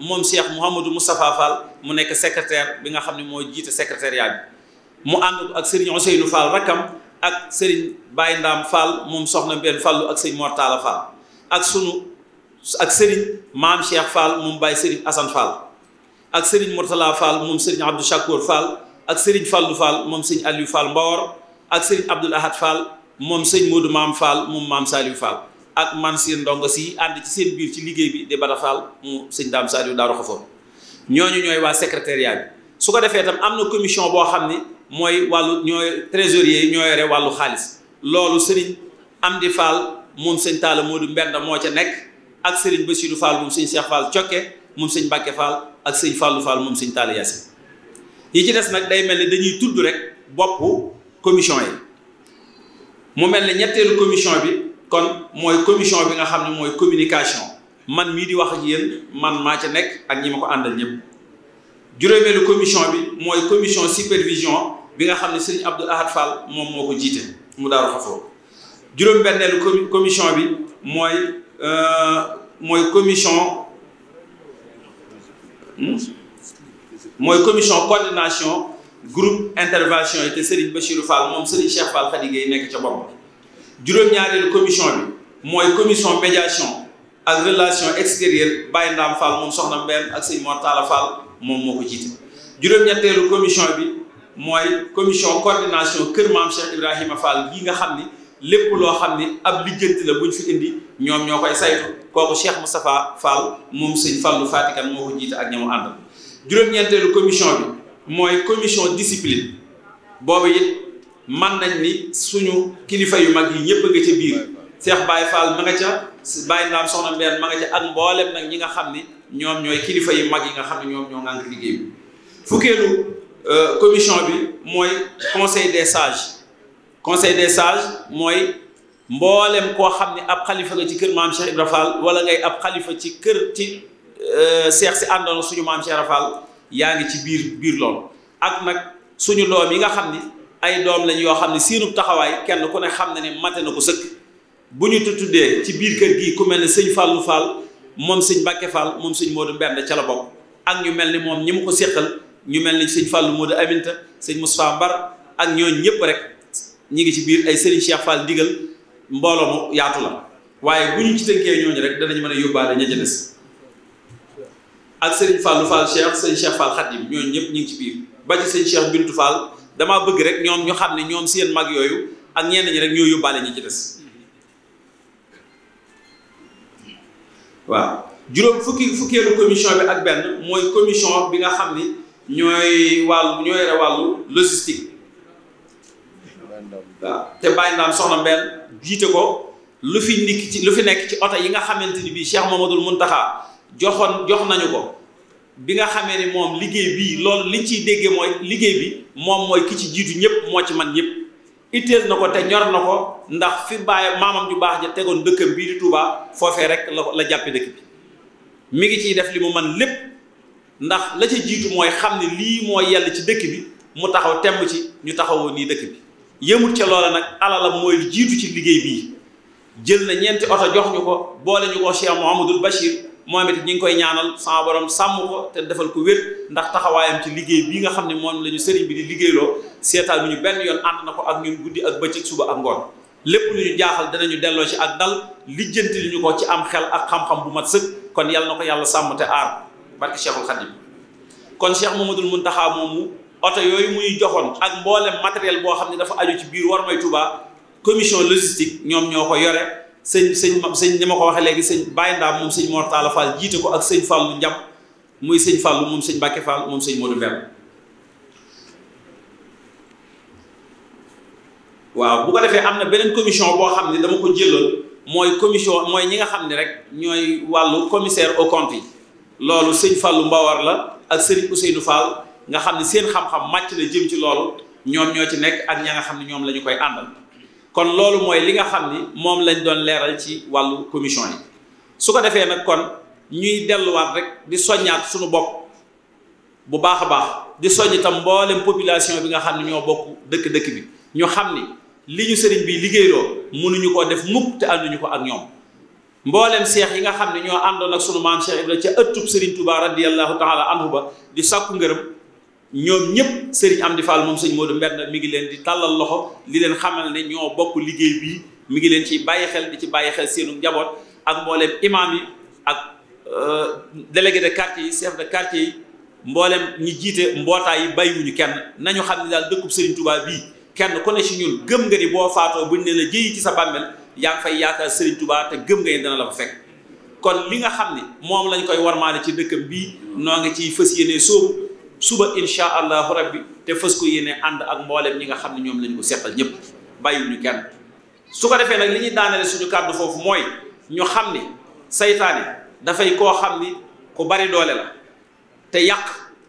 mom Cheikh Mouhamadou Moustapha Fall mu nek secrétaire bi nga xamni moy jité secrétariat bi mu ànd ak Serigne Ousseynou Fall rakam ak Serigne Baye Ndam Fall mom soxna ben Fallu ak serigne Mortala Fall ak sunu ak Serigne mam Cheikh Fall mom Baye Serigne Assane Fall ak Serigne mortala Fall mom Serigne Abdou Chakour Fall ak Serigne Fallou Fall mom serigne Aliou Fall Mbawor ak Serigne abdou Ahad Fall mom serigne Modou mam Fall mom mam Saliou Fall. ak man seen ndongo si ànd ci seen biir ci liggéey bi di batafaal mu sëñ daam Sadio Daaru Xafoor ñooñu ñooy waa secrétariat bi su ko defee tam am na commission boo xam ne mooy wàllu ñooy trésorier yi ñoo yore wàllu xaalis loolu sëriñ Amdi Fall moom sëñ Talla Modou Mbenda moo ca nekk ak sëriñ Bassirou Fall moom sëñ Cheikh Fall Cokke moom sëñ Mbacke Fall ak sëñ Fallou Fall moom sëñ Talla Yacine yi ci des nag day mel ni dañuy tudd rek boppu commission yi mu mel ne ñetteelu commission bi kon moy commission bi nga xamni moy communication man mi di wax ak man ma ca nek ak ñima ko andal ñep juroomelu commission bi moy commission supervision bi nga xamni serigne abdou Ahad Fall mom moko jité mu daru xafoo juroom benneelu commission bi euh moy commission moy hmm? commission coordination groupe intervention été Serigne Bachirou Fall mom Serigne Cheikh Fall Khady Gueye nekk ca juróom-ñaareelu commission bi mooy commission médiation ak relation extérieure Baye Ndam Fall moom soxna Mbène ak sëñ Mor Fall moom moo ko jiite juróom-ñetteelu commission bi mooy commission coordination kër maam Cheikh Ibrahima Fall yi nga xam ni lépp loo xam ni ab lijjanti la bu fi indi ñoom ñoo koy saytu kooku Cheikh Moustapha Fall moom sëñ Fallu Fatikan moo ko jiite ak ñamu àndal juróom-ñeenteelu commission bi mooy commission discipline boobu it man nañ ni suñu kilifa yu mag yi ñëpp a nga ca biir Cheikh Baye Fall ma nga ca Baye Ndam Soxna nga ak mboolem nag ñi nga xam ni ñoom ñooy kilifa yu mag yi nga xam ne ñoom ñoo ngànk liggéey bi fukkeelu euh, commission bi mooy conseil des sages conseil des sages mooy mboolem koo xam ne ab xalifa nga ci kër maam Cheikh Ibra ab xalifa ci kër ci euh, seex si àndoon suñu maam Cheikh yaa ngi ci biir biir lool ak nag suñu doom yi nga xam ni ay doom lañ yoo xam ne seenub taxawaay kenn ku ne xam na ne mate na ko sëkk bu ñu tuddee ci biir kër gi ku mel ne sëñ Fallou Fall moom sëñ Mbacke Fall moom sëñ Modou Mbend ca la bokk ak ñu mel ni moom ñi mu ko séqal ñu mel ni sëñ Fallou Modou Aminta sëñ Moustapha Mbar ak ñooñu ñëpp rek ñi ngi ci biir ay sëriñ Cheikh Fall digal mbooloo mu yaatu la waaye bu ñu ci tënkee ñooñu rek danañ mën a yóbbaale ña ca des ak sëriñ Fallou Fall Cheikh sëñ Cheikh Fall ñëpp ñu ngi ci biir ba ci sëñ Cheikh damaa bëgg rek ñoom ñu xam ne ñoom seen mag yooyu ak ñenn ñi rek ñoo yóbbaale ñi ci des waaw juróom fukki fukkeelu commission bi ak benn mooy commission bi nga xam ni ñooy wàllu ñooy yore wàllu logistique waaw te bàyyi ndaam soxna mbenn jiite ko lu fi nikk ci lu fi nekk ci oto yi nga xamante ni bii Cheikh mun Mountakha joxoon jox nañu ko bi nga xamee ne moom liggéey bii loolu liñ ciy déggee mooy liggéey bi moom mooy ki ci jiitu ñëpp moo ci man ñëpp itteel na ko te ñor na ko ndax fi bàyyi maamam ju baax ja tegoon dëkk bii di Touba foofee rek la la dëkk bi mi ngi ciy def li mu man lépp ndax la ci jiitu mooy xam ni lii moo yell ci dëkk bi mu taxaw temm ci ñu taxawoo nii dëkk bi yëmut ca loola nag alalam mooy jiitu ci liggéey bii jël na ñeenti oto jox ñu ko boole ñu ko Cheikh Mouhamadoul Bachir moom it ñu ngi koy ñaanal sama borom sàmm ko te defal ko wér ndax taxawaayam ci liggéey bii nga xam ne moom la ñu sëriñ bi di liggéeyloo seetaan ñu benn yoon ànd na ko ak ñun guddi ak bëccëg suba ak ngoon lépp lu ñu jaaxal danañu delloo ci ak dal lijjanti li ñu ko ci am xel ak xam-xam bu mat sëkk kon yàlla na ko yàlla sàmm te aar barke Cheikhul Khadim kon Cheikh mun Muntaxa moomu oto yooyu muy joxoon ak mboolem matériel boo xam ne dafa aju ci biir war Touba commission logistique ñoom ñoo ko yore sëñ sëñ sëñ ni ma ko waxee léegi sëñ Baye Ndaam moom sëñ Mor Talla Fall jiite ko ak sëñ Fallou Ndiam muy sëñ Fallou moom sëñ Mbacke Fall moom sëñ Modou Mbène waaw bu ko defee am na beneen commission boo xam ne dama ko jëloon mooy commission mooy ñi nga xam ne rek ñooy wàllu commissaire au compte loolu sëñ Fallou Mbawar la ak sëriñ Ousseynou Fall nga xam ne seen xam-xam màcc la jëm ci loolu ñoom ñoo ci nekk ak ñaa nga xam ne ñoom lañu koy àndal. kon loolu mooy li nga xam ni moom lañ doon leeral ci wàllu commission yi su ko defee nag kon ñuy delluwaat rek di soññaat suñu bopp bu baax a baax di soññ itam mboolem population bi nga xam ne ñoo bokk dëkk-dëkk bi ñu xam ni li ñu sëriñ bi liggéeyloo mënuñu koo def mukk te ànduñu ko ak ñoom mboolem seex yi nga xam ne ñoo àndoon ak sunu maam Cheikh Ibrahima ca ëttub sëriñ Touba radiyallahu taala anhu ba di sàkku ngërëm ñom ñep Serigne Amdi Fall mom serigne Modou Mbène mi ngi leen di talal loxo li leen xamal ne ñoo bokk liggey bi mi ngi leen ci baye xel di ci baye xel seenu njabot ak mbollem imam yi ak euh délégué de quartier yi chef de quartier yi mbollem ñi jité mbota yi ñu kenn nañu xam ne daal dëkkub Serigne Touba bi kenn ko ne ci ñun gëm nga di bo faato buñ ne la jey ci sa bammel ya ngi fay yaakaar Serigne Touba te gëm nga ni dana la fa fek kon li nga xamni mom lañ koy warmaale ci dëkkam bi no nga ci fassiyene yéene sóobu suba insha allahu rabbi te fës ko yéene ànd ak mboolem ñi nga xam ne ñoom lañ ko seqal ñëpp bàyyiwuñu kenn su ko defee nag li ñuy daanale suñu kàddu foofu mooy ñu xam ni seytaane dafay koo xam ni ku bari doole la te yàq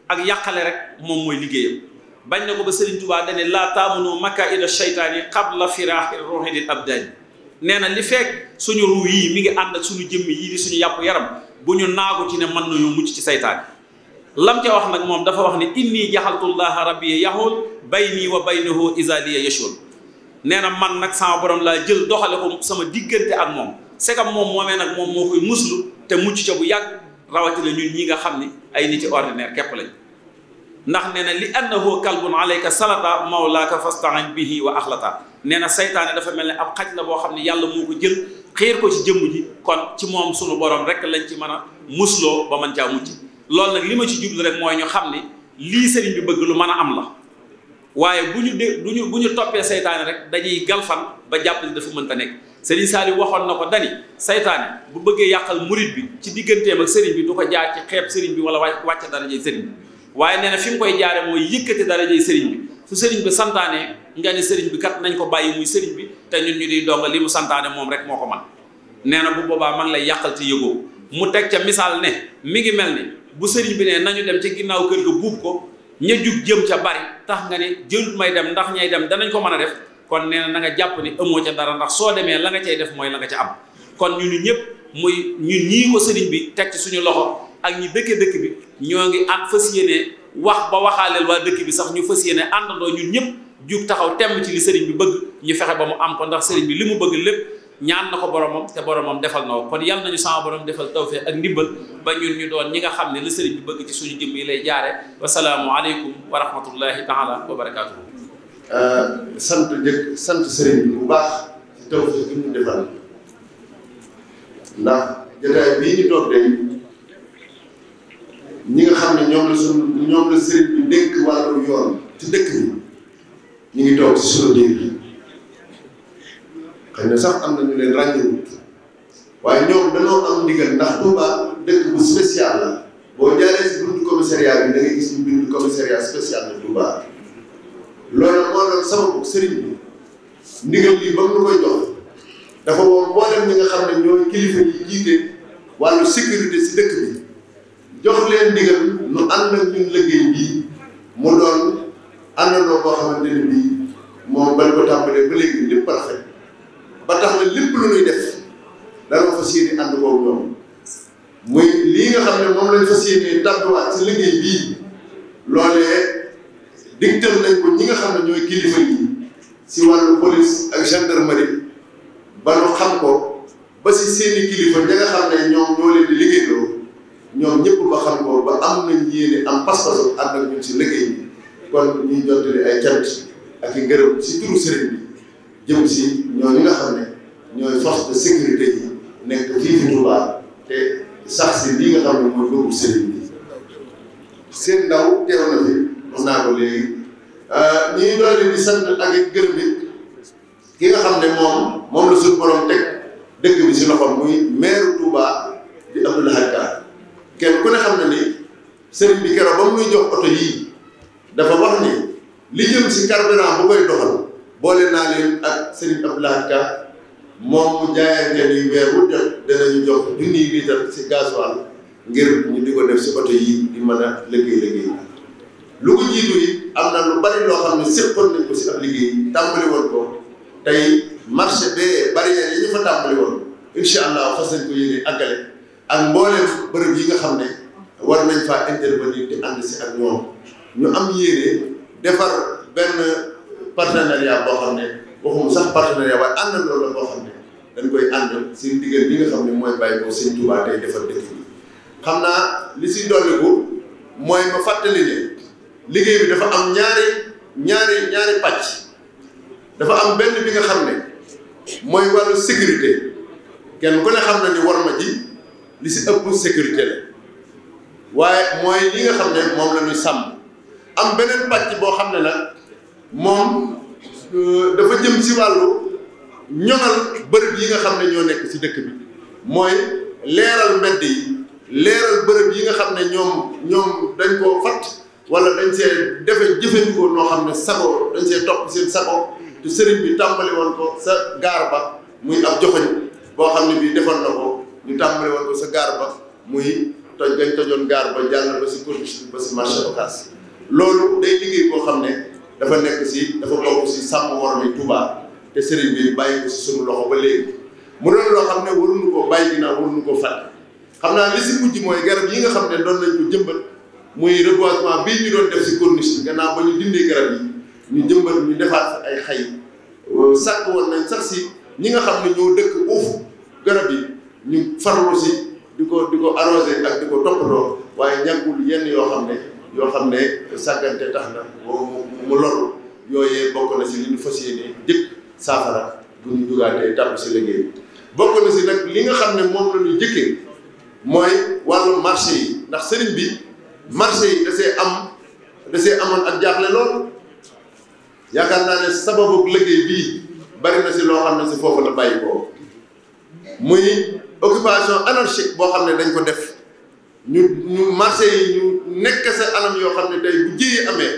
ak yàqale rek moom mooy liggéeyam bañ na ko ba Sëriñ Tuubaa dane laa taamunu makaida shaytaani qabla firaaxi ruuxi di abdaani nee na li fekk suñu ruu yi mi ngi ànd ak suñu jëmm yii di suñu yàpp yaram bu ñu naagu ci ne mën nañoo mucc ci saytaane lam ca wax nag moom dafa wax ne inni jaxaltullaha rabbi yaxul bayni wa baynahu isaliya yashul nee na man nag sama borom laa jël doxale ko sama diggante ak moom segam moom moomee nag moom moo koy muslu te mucc ca bu yàgg rawatina ñun ñi nga xam ni ay nit ci ordinaire képp lañ ndax nee na li annahu kalbun alayka salata mawlaaka fastain bihi wa axlata nee na saytaane dafa mel ne ab xaj la boo xam ne yàlla moo ko jël xiir ko ci jëmm ji kon ci moom sunu borom rek lañ ci mën a musloo ba mën caa mucc loolu nag li ma ci jublu rek mooy ñu xam ni lii sëriñ bi bëgg lu mën a am la waaye bu ñu dé bu ñu bu ñu toppee seytaane rek dañuy galfan ba jàpp ni dafa mënta nekk sëriñ li waxoon na ko dani seytaane bu bëggee yàqal murit bi ci digganteem ak sëriñ bi du ko jaar ci xeeb sëriñ bi wala wàcc darajey sëriñ bi waaye nee na fi mu koy jaare mooy yëkkati darajey sëriñ bi su sëriñ bi santaane nga ni sëriñ bi kat nañ ko bàyyi muy sëriñ bi te ñun ñu di donga li mu santaane moom rek moo ko man nee na bu boobaa man lay yàqal ci mu teg ca misaal ne mi ngi mel ni bu sëriñ bi ne nañu dem ca ginnaaw kër ga buub ko ña jug jëm ca bari tax nga ne jëlut may dem ndax ñay dem danañ ko mën a def kon nee na nga jàpp ni ëmmoo ca dara ndax soo demee la nga cay def mooy la nga ca am kon ñun ñëpp muy ñu ñii ko sëriñ bi teg ci suñu loxo ak ñi dëkke dëkk bi ñoo ngi ànd fas yéene wax ba waxaaleel waa dëkk bi sax ñu fës yéene àndandoo ñu ñëpp jug taxaw temm ci li sëriñ bi bëgg ñu fexe ba mu am ndax sëriñ bi li mu bëgg lépp ñaan na ko boromam te boromam defal na ko kon yal nañu sama borom defal tawfeex ak ndimbal ba ñun ñu doon ñi nga xam ne la sëriñ bi bëgg ci suñu jëmm yi lay jaare wasalaamu aleykum wa rahmatullahi taala wa barakaatuhu euh, sant jëkk sant sëriñ bi bu ñu defal ndax jotaay bii ñu toog day ñi nga xam ne ñoom la suñu ñoom la sëriñ bi dénk wàllu yoon ci dëkk bi ñu ngi toog ci suñu biir xëy na sax am na ñu leen ràññewut waaye ñoom dañoo am ndigal ndax Touba dëkk bu spécial la boo jaaree si buntu commissariat bi da ngay gis ñu bind commissariat spécial de Touba loolu moo doon bu sëriñ bi ndigal lii ba mu koy jox dafa woo mboolem ñi nga xam ne ñooy kilifa yi jiite wàllu sécurité si dëkk bi jox leen ndigal nu ànd ak ñun liggéey bii mu doon àndandoo boo xamante ne bii moom bañ ko tàmbalee ba léegi lépp parfait ba tax na lépp lu ñuy def dana fas yéene ànd boobu ñoom muy lii nga xam ne moom lañ fas yéene tàbbiwaat ci liggéey bii loolee digtal nañ ko ñi nga xam ne ñooy kilifa yi ci wàllu police ak gendarmerie ba ñu xam ko ba ci seeni kilifa ña nga xam ne ñoom ñoo leen di ñoom ñëpp ba xam ko ba am nañ yéene am pas-pasu ànd ak ñun ci liggéey bi kon ñuy jottali ay cant ak i ngërëm ci turu sëriñ bi. jëm si ñooñu nga xam ne ñooy force de sécurité yi nekk fii fi Touba te sax si lii nga xam ne mooy loolu sëriñ bi seen ndaw teew na fi wax naa ko léegi euh, ñuy doole di sant ak gërëm bi ki nga xam ne moom moom la suñu borom teg dëkk bi si loxoom muy maire Touba di Abdou Lahad Ka kenn ku ne xam ne ni sëriñ bi keroog ba muy jox oto yii dafa wax ni li jëm si carburant bu koy doxal boole naa leen ak Serigne Abdoulaye Ka moom mu jaayante ni weer wu jot danañu jox junniy litre si gasoil ngir ñu di ko def si oto yi di mën a liggéey liggéey lu ko jiitu yi am na lu bari loo xam ne séqoon nañ ko si ab liggéey tàmbali woon ko tey marché bee bari yi ñu fa tàmbali woon incha allah fas nañ ko yéene àggale ak mbooleem bërëb yi nga xam ne war nañ faa intervenir di ànd si ak ñoom ñu am yéene defar benn. partenariat boo xam ne waxum sax partenariat waaye ànd loolu la boo xam ne dañ koy ànd seen diggante bi nga xam ne mooy bàyyi ko seen Tuubaa tey defar dëkk bi xam naa li si dolliku mooy ma fàttali liggéey bi dafa am ñaari ñaari ñaari pàcc dafa am benn bi nga xam ne mooy wàllu sécurité kenn ku ne xam na ni war ma ji li si ëpp sécurité la waaye li nga xam ne moom la sàmm am beneen pàcc boo xam ne na moom euh, dafa jëm si wàllu ñoŋal bërëb yi nga xam ne ñoo nekk si dëkk bi mooy leeral mbedd yi leeral bërëb yi nga xam ne ñoom ñoom dañ koo fatt wala dañ see defe jëfandikoo noo xam ne sago dañ see topp seen sago te sëriñ bi tàmbali woon ko sa gaar ba muy ab joxoñ boo xam ne bii defoon na ko ñu tàmbali woon ko sa gaar ba muy toj dañ tojoon gaar ba jàll ba si corniche ba si marché Ocass loolu day liggéey boo xam ne dafa nekk si dafa bokk si sàmm war mi Touba te sëriñ bi bàyyi ko si suñu loxo ba léegi mu doon loo xam ne waruñu ko bàyyi ginnaaw waruñu ko fàtte xam naa li si mujj mooy garab yi nga xam ne doon nañ ko jëmbat muy reboisement bii ñu doon def si corniche bi gannaaw ba ñu dindee garab yi ñu jëmbat ñu defaat ay xay sàkk woon nañ sax si ñi nga xam ne ñoo dëkk uuf garab yi ñu farlu si di ko di ko arrosé ak di ko toppatoo waaye ñàkkul yenn yoo xam ne yoo xam ne sàggante tax na mu mu loru yooyee bokk na si li fa fas yéene jëkk saafara bu ñu jugaatee tàbb si liggéey bi bokk na si nag li nga xam ne moom la ñu jëkkee mooy wàllu marché yi ndax sëriñ bi marché yi dasee am dasee amoon ak jaaxle lool yaakaar naa ne sababu liggéey bii bari na si loo xam ne si foofu la bàyyi ko muy occupation anarchique boo xam ne dañ ko def ñu ñu marché yi ñu nekk sa anam yoo xam ne day bu jiyee amee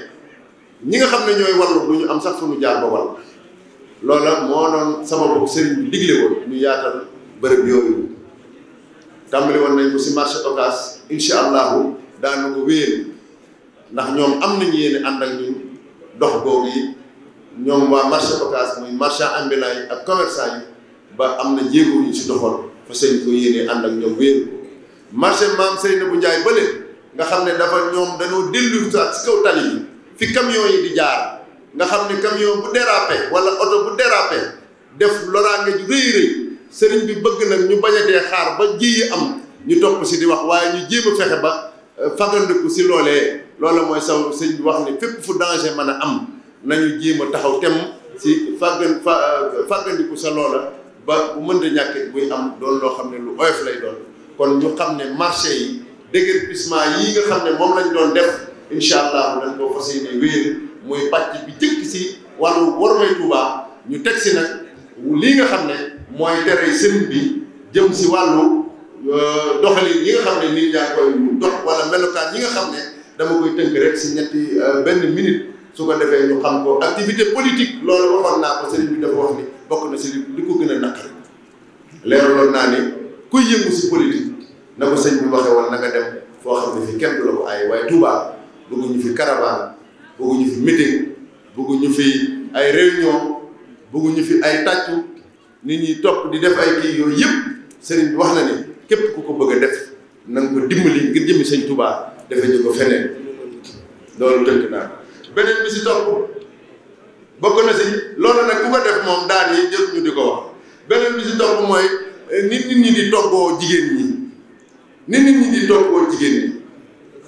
ñi nga xam ne ñooy wallu du ñu am sax fu ñu jaar ba wall loola moo doon sababu sëriñ bi digle woon ñu yaatal bërëb yooyu tàmbali woon nañ ko si marché Ocass incha allahu daanu ko ndax ñoom am nañu yéene ànd ak ñun dox googu yi ñoom waa marché Ocass muy marchand ambulant ak commerçant yi ba am na jéego yi si doxal fa sëñ ko yéene ànd ak ñoom wéyal marché maam Seynabou Ndiaye bële nga xam ne dafa ñoom dañoo dellu sax si kaw tali yi fi camion yi di jaar nga xam ne camion bu dérapé wala oto bu dérapé def loraange ju rëy rëy sëriñ bi bëgg nag ñu bañ a dee xaar ba ji yi am ñu topp si di wax waaye ñu jéem a fexe ba euh, fagandiku si loolee loola mooy saw sëñ bi wax ne fépp fu danger mën a am nañu jéem a taxaw tem si faggan fa euh, faggandiku sa loola ba bu mënta ñàkkit buy am doon loo xam ne lu oyof lay doon kon ñu xam ne marché yi déguerpissement yi nga xam ne moom lañ doon def incha allah dañ ko fas yéene mooy pàcc bi si wàllu wormay Touba ñu teg si nag lii nga xam ne mooy tere sëriñ bi jëm si wàllu euh, doxalin yi nga xam ne nit ñaa koy dox wala melokaan yi nga xam ne dama koy tënk rek si ñetti euh, benn minute su ko defee ñu xam ko activité politique loolu war naa ko sëriñ bi dafa wax ni bokk na si li ko gën a naqari leeraloon naa ne kuy yëngu si politique na ko sëñ bi waxee woon na nga dem foo xam ne fi kenn du la ko ay waaye Touba bëgguñu fi caravane bëgguñu fi meeting bëgguñu fi ay réunion bëgguñu fi ay tàccu nit ñi topp di def ay kii yooyu yëpp sëriñ bi wax na ni képp ku ko bëgg a def na nga ko dimbali ngir jëmi sëñ Touba defe ñu ko feneen loolu tënk naa beneen bi si topp bokk na si loolu nag ku ko def moom daan jël ñu di ko wax beneen bi si topp mooy. nit eh, nit ñi di toggoo jigéen ñi nit nit ñi di toggoo jigéen ñi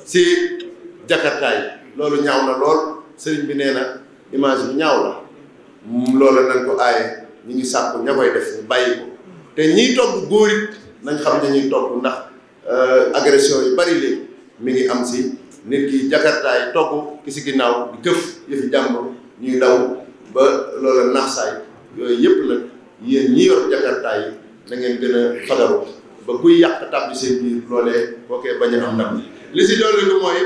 si jakartaay loolu ñaaw na lool sëriñ bi nee na image bi ñaaw la mm, loola nañ ko aaye ñu ngi sàkku ña koy def ñu bàyyi ko te ñiy togg góor it nañ xam ne ñuy togg ndax eh, agression yu bari léegi mi ngi am si nit ki jakartaay togg ki si ginnaaw di këf yëfi jàmbur ñuy daw ba loola naxsaay yooyu yëpp nag yéen ñi yor jakartaay yi na ngeen gën a fagaru ba kuy yàq tàbbi seen biir loolee bookee bañ a am ndam li si doon lu mooy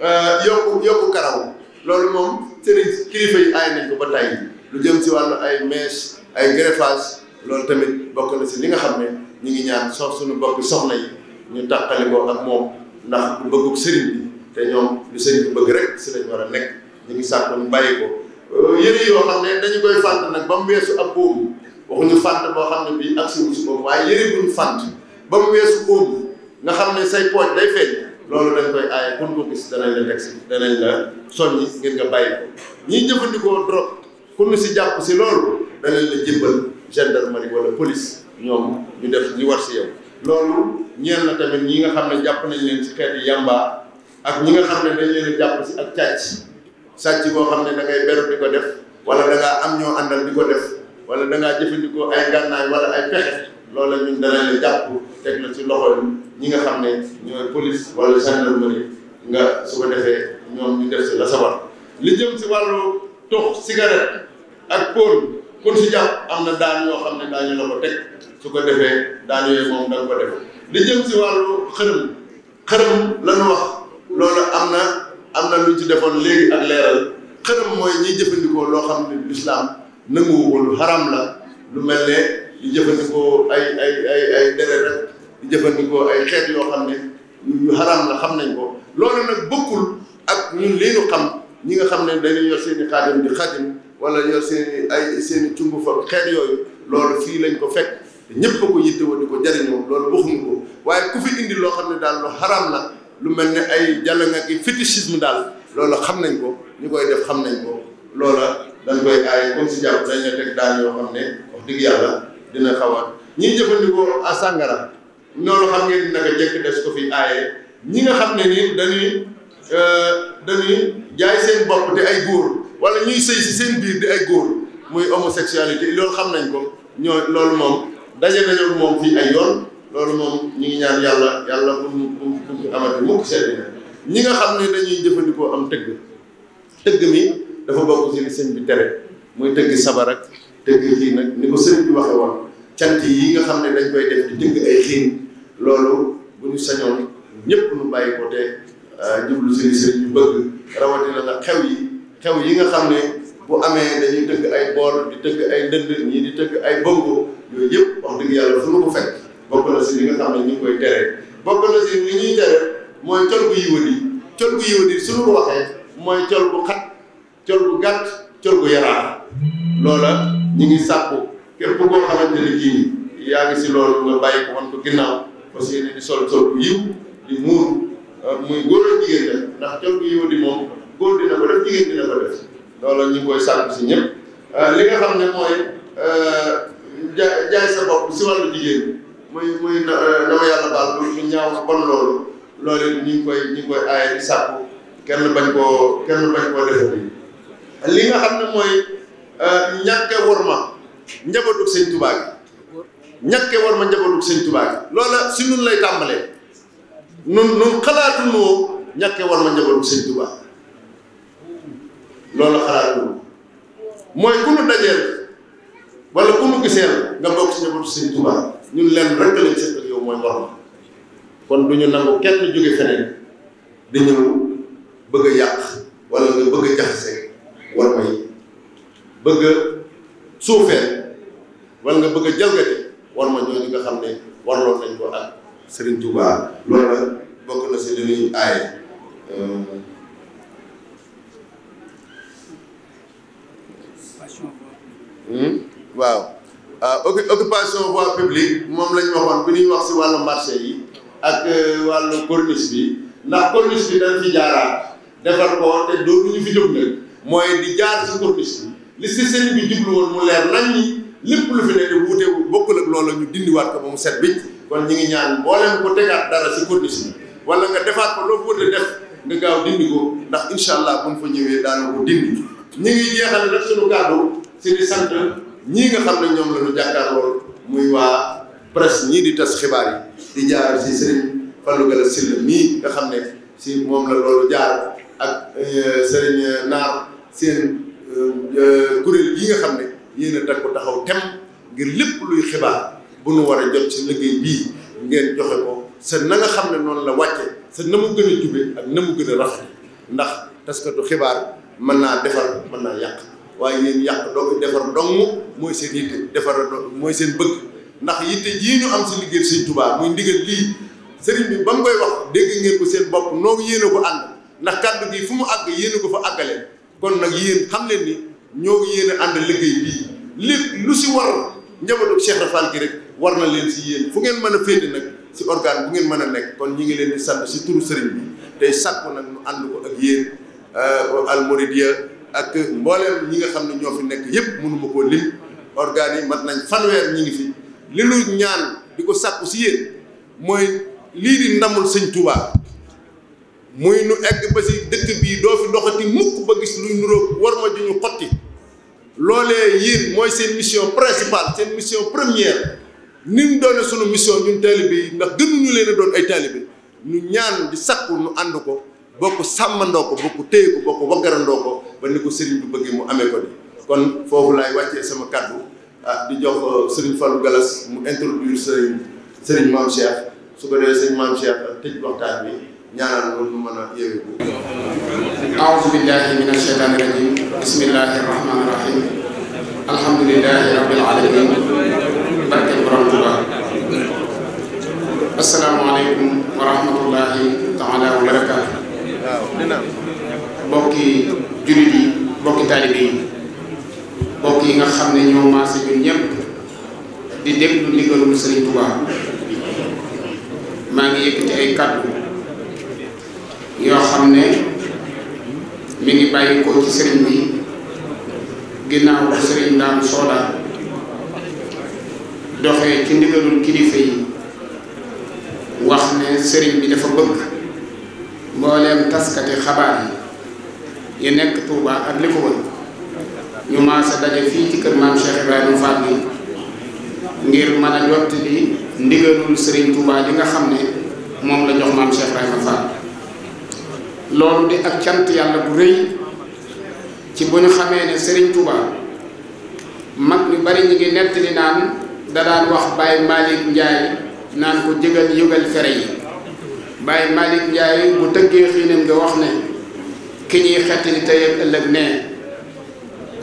euh, yokku yokku karaw loolu moom seen kilifa yi aay nañ ko ba tàyyi lu jëm ci wàllu ay mèche ay greffage loolu tamit bokk na si li nga xam ne ñu ngi ñaan sox suñu bokk soxna yi ñu tàqali ko ak moom ndax ku bëggug sëriñ bi te ñoom lu sëriñ bi bëgg rek si lañ war a nekk ñu ngi sàkk ñu bàyyi ko euh, yëre yoo xam ne dañu koy fànt nag ba mu weesu ab boobu waxuñu fant boo xam ne bii ak suñu si boobu waaye yëre buñ fant ba mu weesu óobu nga xam ne say pooj day feeñ loolu dañ koy aaye kun ko gis danañ la teg si danañ la soññi ngir nga bàyyi ko ñiy jëfandikoo drogue ku ñu si jàpp si loolu danañ la jëmbal gendarmerie wala police ñoom ñu def li war si yow loolu ñeel na tamit ñi nga xam ne jàpp nañ leen si xeeti yamba ak ñi nga xam ne dañ leen jàpp si ak càcc sàcc boo xam ne da ngay beru di ko def wala da ngaa am ñoo àndal di ko def wala da ngaa jëfandikoo ay gànnaay wala ay pexe loolu la ñun dana la jàpp teg la ci loxo ñi nga xam ne ñooy police wala gendarmerie nga su ko defee ñoom ñu def si la sawar li jëm si wàllu tox cigarette ak póol kon si jàpp am na daan yoo xam ne daañu la ko teg su ko defee daan yooyu moom da nga ko def li jëm si wàllu xërëm xërëm la wax loolu am na am na lu ci defoon léegi ak leeral xërëm mooy ñuy jëfandikoo loo xam ne l'islam nanguwu ko lu xaram la lu mel ne di jëfandikoo ay ay ay ay rek jëfandikoo ay xeet yoo xam ne yu xaram la xam nañ ko loolu nag bokkul ak ñun lii xam ñi nga xam ne dañuy yor seen i xaadim di xaadim wala yor seen ay seen i cumb fa xeet yooyu loolu fii lañ ko fekk ñëpp ko yittewoo di ko jariñoo loolu waxuñu ko waaye ku fi indi loo xam ne daal lu xaram la lu mel ne ay jàll nga ki fétichisme daal loolu xam nañ ko ñu koy def xam nañ ko loola dañ koy aaye comme si jàpp dañ ne teg daan yoo xam ne wax yàlla dina xaw ñi ñiy jëfandikoo à sàngara loolu xam ngeen naka jekk des ko fi aaye ñi nga xam ne nii dañuy euh, dañuy seen bopp di ay góor wala ñuy sëy si seen biir di ay góor muy homosexualité loolu xam nañ ko ñoo loolu moom daje nañu moom fii ay loolu moom ñu ngi ñaan yàlla yàlla bu mu bu mu amati ñi nga xam ne dañuy jëfandikoo am tëgg tëgg mi dafa bokk ci sëñ bi tere muy tëgg sabar ak tëgg kii nag ni ko sëñ bi waxee woon cant yi nga xam ne dañ koy def di tëgg ay xiin loolu bu ñu sañoon ñëpp ñu bàyyi ko te euh, jublu sëñ sëñ ñu bëgg rawatina la xew yi xew yi nga xam ne bu amee dañuy tëgg ay bool di tëgg ay ndënd ñii di tëgg ay bongo yooyu yëpp wax dëgg yàlla fu nu ko fekk bokk na si li nga xam ne ñu ngi koy tere bokk na si li ñuy tere mooy col bu yiwadi col bu yiwadi suñu ko waxee mooy col bu gàtt col bu yaraax loola ñi ngi sàkku képp koo xamante ne kii yaa ngi si loolu nga bàyyi ko wan ko ginnaaw parce que sol sol bu yiw di muuru ah, muy góor ak jigéen ndax col bu yiw di moom góor dina ko def jigéen dina ko def loola ñu koy sàkku si ñëpp ah, li nga xam ne mooy ah, ja jaay sa bopp si wàllu jigéen muy muy na dama yàlla baal lu ñaaw sa bon loolu loolu ñu koy ñu di sàkku kenn bañ ko kenn bañ koo defati li nga xam ne mooy euh, ñàkke war ma njabootug sëñ tubaa gi ñàkke war ma njabootug sëñ tubaa gi loola si nun lay tàmbalee nun nun xalaatuñoo ñàkke war ma njabootug sëñ tubaa loolu xalaatuñu mooy ku nu dajeel wala ku nu giseel nga bokk si njabootu sëñ tubaa ñun lenn rek lañ seet ak yow mooy war ma kon du ñu nangu kenn jóge feneen di ñëw bëgg a yàq wala nga bëgg a jaxase war may bëgg suufeel wala nga bëgg a jalgati war ma ñooñu nga xam ne warloon nañ ko ak Serigne Touba loolu bokk na si li ñuy aaye hmm? waaw ah, occupation voie publique moom lañ waxoon ñuy wax si wàllu marché yi ak euh, wàllu corniche bi ndax corniche bi dañ fi jaaraat defar ko te fi jóg nag mooy di jaar ci corniche li si sëriñ bi jublu woon mu leer nañ ñi lépp lu fi ne di wuute bokkul ak loola ñu dindiwaat ko ba mu set bi kon ñi ngi ñaan mboolem ko tegaat dara si corniche bi wala nga defaat ko loo wuute def nga gaaw dindi ko ndax incha allah bu mu fa ñëwee daana ko dindi ñi ngi jeexal nag suñu kàddu si di sant ñii nga xam ne ñoom la ñu jàkkaar lool muy waa presse ñii di tas xibaar yi di jaar si sëriñ Fallou Gala Sylla mii nga xam ne si moom la loolu jaar ak euh, seen euh, euh, kuréel yi nga xam ne yéen a ko taxaw tem ngir lépp luy xibaar bu nu war a jot ci liggéey bii ngeen joxe ko sa na xam ne noonu la wàcce sa na mu gën a jube ak na mu gën a rafet ndax du xibaar mën naa defar mën naa yàq waaye yéen yàq dong defar dong mooy seen yitte defar mooy seen bëgg ndax yitte yii ñu am si liggéey Sëriñ Tuubaa muy ndigal lii sëriñ bi ba mu koy wax dégg ngeen ko seen bopp noo yéen ko ànd ndax kàddu gi fu mu àgg yéen a ko fa kon nag yéen xam leen ni ñoo yéen a ànd liggéey bii lépp lu si waroon njabootu Cheikh Rafal gi rek war na leen si yéen fu ngeen mën a féete nag si organe bu ngeen mën a nekk kon ñi ngi leen di sant si turu sëriñ bi tey sàkku nag ñu ànd ko ak yéen euh, Al Mouridiya ak mbooleem ñi nga xam ne ñoo fi nekk yëpp mënu ma koo lim organe yi mat nañ fanweer ñi ngi fi li lu ñaan di ko sàkku si yéen mooy lii di ndamul sëñ Touba. muy nu egg ba si dëkk bii doo fi doxati mukk ba gis luy nuroog war ma ju ñu xotti loolee yéen mooy seen mission principal seen mission première ni mu doone sunu mission ñun taalibe yi ndax gënuñu leen a doon ay taalibe ñu ñaan di sakku nu ànd ko bokk sàmmandoo ko bokk téye ko bokk waggarandoo ko ba ni ko sëriñ bu bëggee mu amee ko ni kon foofu laay wàccee sama kàddu ah di jox euh, sëriñ Fallou Galas mu introduire sëriñ sëriñ maam Cheikh su ko dee sëriñ maam Cheikh tëj waxtaan ñaanal loolu ñu mën a yeewu bu أعوذ بالله من الشيطان الرجيم بسم الله الرحمن الرحيم الحمد لله رب العالمين barke borom Tuuba asalaamaaleykum wa rahmatullahi taala wa barakaatu bokki jullit yi bokki taalibe yi bokk yi nga xam ne ñoo maase ñun ñëpp di déglu ndigalul Sëriñ Tuuba maa ngi yëkkati ay kàddu yoo xam ne mi ngi bàyyi ko ci sëriñ bi ginnaaw bu sëriñ daam sooda doxee ci ndigalul kilifa yi wax ne sëriñ bi dafa bëgg mbooleem taskati xabaar yi yi nekk Touba ak li ko wër ñu maasa daje fii ci kër maam Cheikh Ibrahima Fall bi ngir mën a jot li ndigalul sëriñ Touba li nga xam ne moom la jox maam Cheikh Ibrahima Fall loolu di ak cant yàlla bu rëy ci bu ñu xamee ne sëriñ Touba mag ñu bari ñu ngi nettali naan da daan wax Baye Malick Ndiaye naan ko jëgal yëgal fere yi Baye Malick Ndiaye bu tëggee xiinam nga wax ne ki ñuy xettali tey ak ëllëg nee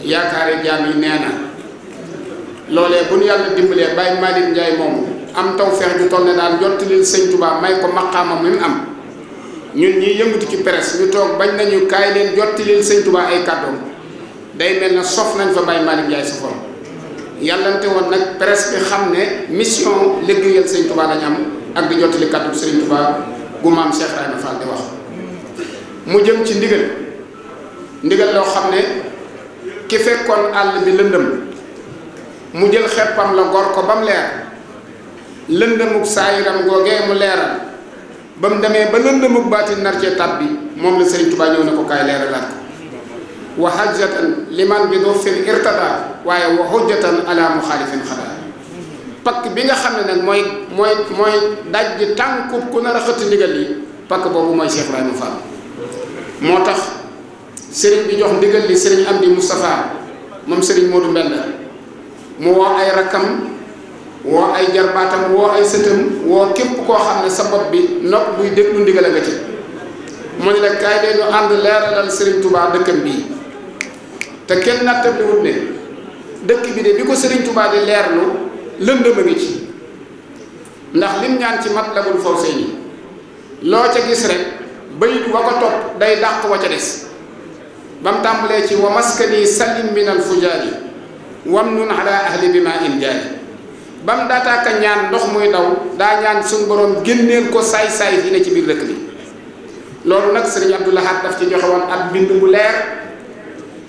yaakaari jaam yi nee na loolee bu ñu yàlla dimbalee Baye Malick njaay moomu am taw feex ju toll ne daan jottalil Sëñ Touba may ko maqaamam mi mu am. ñun ñuy yëngatu ci presse ñu toog bañ nañu kaay leen jotti leen sëñ Tuubaa ay kàddoom day mel na sof nañ fa Baye Malick Ndiaye sa form yàllante woon nag presse bi xam ne mission liggéeyal sëñ Tuubaa lañ am ak di jottali kàddu sëñ Tuubaa gu maam Cheikh Ibrahima Fall di wax mu jëm ci ndigal ndigal loo xam ne ki fekkoon àll bi lëndëm mu jël xeppam la gor ko ba mu leer lëndëmuk saayiram googee mu leeral bam demé ba ba lëndëmuk baatin nar ci tabbi mom la serigne touba ñëw ne ko kaay wa hajjatan liman bi do fil irtada waaye wa hujjatan ala mukhalifin xadaa pak bi nga xamne nak moy moy moy daj tànku ku na a ndigal yi pak bobu moy Cheikh Ibrahima Fall motax serigne sëriñ bi jox ndigal li sëriñ Amdi mustafa mom serigne Modou Mbenda mo woo ay rakam woo ay jarbaatam woo ay sëtam woo képp koo xam ne sa bopp bi nopp buy déglu ndigal a nga ci mu la kaay dee ñu ànd leeralal Serigne Touba dëkkam bii te kenn nattam wut ne dëkk bi de bi ko Serigne Touba di leerlu lëndëm a ngi ci ndax lim ñaan ci mat labul faw seen yi loo ca gis rek bayit wa ko topp day dàq wa ca des bam tàmbalee ci wa maskani salim min al fujaari wam nun ala ahli bi ma in bam data ka ñaan dox muy daw da ñaan sun borom gennel ko say say yi ne ci bir rek li lolu nak serigne Abdou Lahad daf ci joxawon ab bind bu leer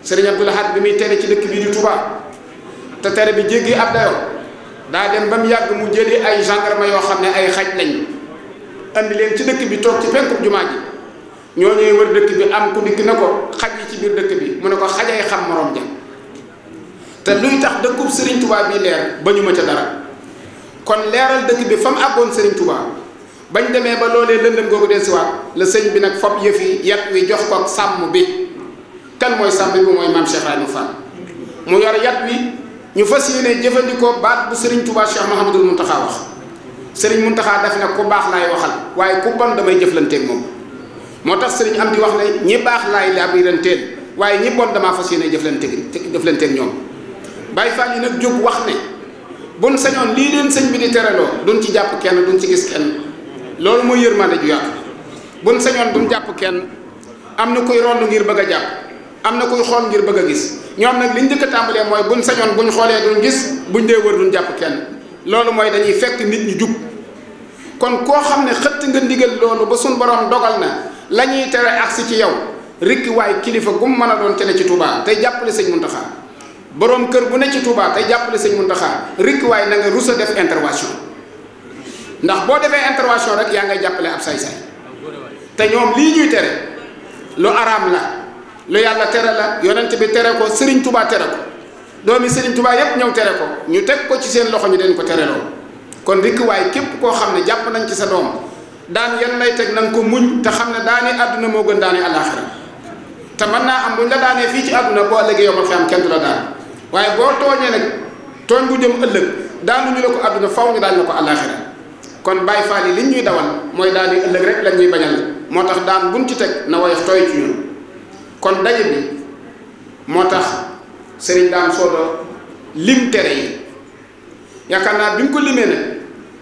serigne Abdou Lahad bi mi téré ci dëkk bi di Touba ta téré bi jéggé ab dayo da dem bam yag mu jëlé ay gendarme yo xamné ne ay xaj lañ andi len ci dëkk bi tok ci penku jumaa ji ñoo ñuy wër dëkk bi am ku dik na ko xaj ci bir dëkk bi mu ne ko xajay xam morom ja té luy tax dëkkub serigne Touba bi leer ba ma ca dara kon leeral dëkk bi fa mu àggoon sëriñ Touba bañ demee ba loolee lëndëm googu dellusiwaat la sëñ bi nag fob yëf yi yat wi jox ko sàmm bi kan mooy sàmm bi mooy maam Cheikh mu Fall mu yor yat wi ñu fas yéene jëfandikoo baat bu sëriñ Touba Cheikh Mouhamadul Mountakha wax sëriñ Mountakha daf ne ko baax laay waxal waaye ku bon damay jëflanteeg moom moo tax sëriñ am di wax ne ñi baax laay labiranteel waaye ñi bon damaa fas yéene jëflanteeg jëflanteeg ñoom Baye Fall yi nag jóg wax ne. buñ sañoon lii leen sëñ bi di tereloo duñ ci jàpp kenn duñ ci gis kenn loolu mooy yërmande ju yaatu buñ sañoon duñ jàpp kenn am na kuy rond ngir bëgg a jàpp am na kuy xool ngir bëgg a gis ñoom nag liñ dëkk a tàmbalee mooy buñ sañoon buñ xoolee duñ gis buñ dee wër duñ jàpp kenn loolu mooy dañuy fekk nit ñi jub kon koo xam ne xëtt nga ndigal loolu ba suñ borom dogal na la ñuy tere agsi ci yow rikki waaye kilifa gum mën a doon tene ci Tuubaa tey jàppale sëñ Muntaxa boroom kër bu ne ci Touba tey jàppale sëñ Muntaxa rikk waaye na nga rus a def intervention ndax boo defee intervention rek yaa ngay jàppale ab saay-saay te ñoom lii ñuy tere lu araam la lu yàlla tere la yonent bi tere ko sëriñ Touba tere ko doomi sëriñ tubaa yépp ñëw tere ko ñu teg ko ci seen loxo ñu dañ ko tere loolu kon rikk waaye képp koo xam ne jàpp nañ ci sa doom daan yan lay teg na ko muñ te xam ne daane àdduna moo gën daane àllaaxira te mën naa am buñ la daanee fii ci àdduna boo ëllëgee yomal fi am kenn du la daan waaye boo tooñee nag tooñ bu jëm ëllëg daanuñu la ko àdduna faw ñu daañu la ko àllaaxira kon Baay Faal yi liñ ñuy dawal mooy daal di ëllëg rek lañ ñuy bañal moo tax daan buñ ci teg na woyof tooy ci kon daje bi moo tax sëriñ Dame Soda lim tere yi yaakaar naa bi mu ko limee nag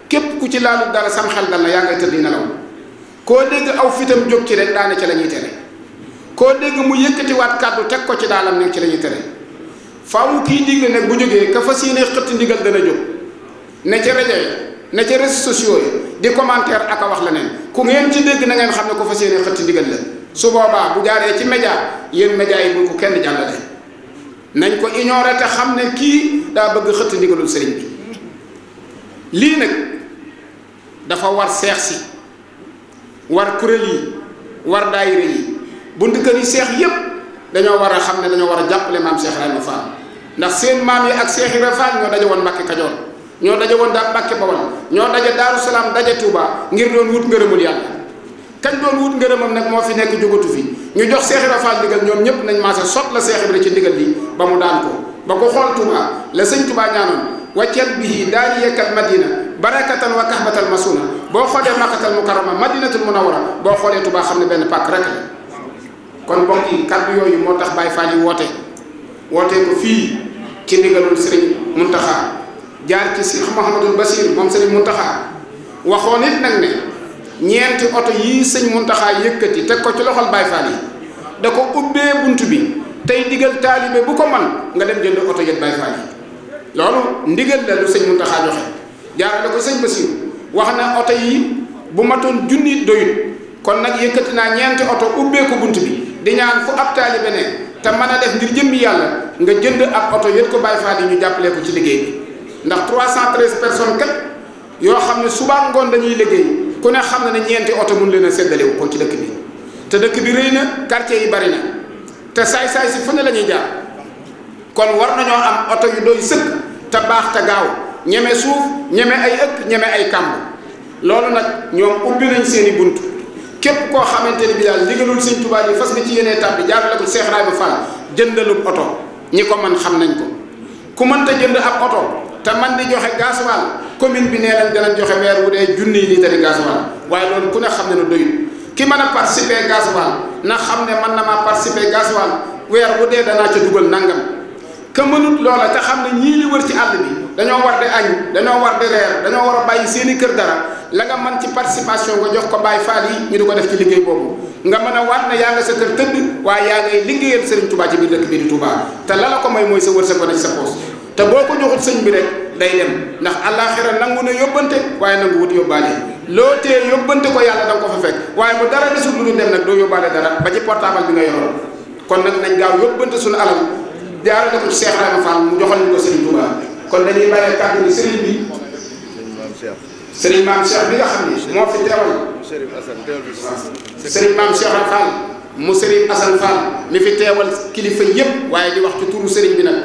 képp ku ci laalu dara sam xel dal na yaa ngay tëdd nelaw koo dégg aw fitam jóg ci rek daane ci la ñuy tere koo dégg mu yëkkatiwaat kàddu teg ko ci daalam ne ci la ñuy tere faaw kii digle nag bu jógee ka fas yéene xëtt ndigal dana jóg ne ca rajo yi ne ca réseaux sociaux yi di commentaire ak a wax leneen ku ngeen ci dégg nangeen xam ne ko fas yéene xëtt ndigal la su boobaa bu jaaree ci média yéen média yi bu ko kenn jàllale nañ ko ignorer te xam ne kii daa bëgg xëtt ndigalul sëriñ bi lii nag dafa war seex si war kuréel yi war daayira yi buntu kër yi seex yépp dañoo war a xam ne dañoo war a jàppale maam Cheikh Rahma Fall ndax seen maam yi ak Cheikh Ibra Fall ñoo daje woon Mbàkke Kajoor ñoo daje woon daal Mbàkke Bawol ñoo daje Daaru Salaam daje Touba ngir doon wut ngërëmul yàlla kañ doon wut ngërëmam nag moo fi nekk jógatu fi ñu jox Cheikh Ibra Fall ndigal ñoom ñëpp nañ maase sot la Cheikh Ibra ci ndigal li ba mu daan ko ba ko xool Touba la sëñ Touba ñaanoon waccal bihi daal yekkal madina barakatan wa kahbatal masuna boo xoolee makkatal mukarrama madinatul munawwara boo xoolee Tuubaa xam benn pàkk rek kon mbokk yi kàddu yooyu moo tax Baay Faal woote wootee ci ndigalul Serigne Mountakha jaar ci Cheikh Mouhamadul Basir moom Serigne Mountakha waxoon it nag ne ñeenti oto yi sëñ Mountakha yëkkati teg ko ci loxol Baye Fall yi da ko ubbee bunt bi tey digal taalibe bu ko man nga dem jënd oto yet Baye Fall yi loolu ndigal la lu sëñ Mountakha joxe jaarale ko sëñ Basir wax na oto yi bu matoon junni doyut kon nag yëkkati naa ñeenti oto ubbee bunt bi di ñaan fu ab taalibe ne te mën a def ngir jëmmi yàlla nga jënd ab oto yët ko Baye Fall yi ñu jàppale ko ci liggéey bi ndax 313 personnes kat yoo xam ne subaa ngoon dañuy liggéey ku ne xam na ne ñeenti oto mun leen a séddalewu ko ci dëkk bi te dëkk bi rëy na quartier yi bari na te saay-saay si fu ne la ñuy jaar kon war nañoo am oto yu doy sëkk te baax te gaaw ñeme suuf ñeme ay ëkk ñeme ay kàmb loolu nag ñoom ubbi nañ seeni bunt képp koo xamante ne bi daal ndigalul sëñ Tuubaa yi fas nga ci yéenee tàbbi jaarale ko Seex Raay ba oto ñi ko man xam nañ ko ku mënta jënd ab oto te man di joxe gasoil commune bi nee nañ joxe weer wu dee junni yi litre gasoil waaye loolu ku ne xam ne ne doyul ki mën a participer gasoil na xam ne man na maa participer gasoil weer wu dee danaa ca dugal nangam ka mënut loola te xam ne ñii li wër ci àll bi dañoo war di añ dañoo war di reer dañoo war a bàyyi seeni kër dara la nga mën ci participation nga jox ko Baay faa yi ñu di ko def ci liggéey boobu nga mën a waat ne yaa nga sa kër tëdd waaye yaa ngay liggéeyal Serigne Touba ci biir dëkk bii di Touba te la la ko may mooy sa wërsëg ko nekk sa poos te boo ko joxut sëñ bi rek day dem ndax àllaaxira nangu na yóbbante waaye nangu wut yóbbaale loo tee yóbbante ko yàlla da ko fa fekk waaye bu dara desul lu dem nag doo yóbbaale dara ba ci portable bi nga yoroon kon nag nañ gaaw yóbbante suñu alal jaarale ko ci Cheikh Rahma Fall mu joxal ñu ko Serigne Touba kon dañuy bàyyi kàddu bi sëriñ bi sëriñ maam Cheikh bi nga xam ne moo fi teewal sëriñ maam Cheikh Al Fall mu sëriñ Assane Fall mi fi teewal kilifa yëpp waaye di wax ci turu sëriñ bi nag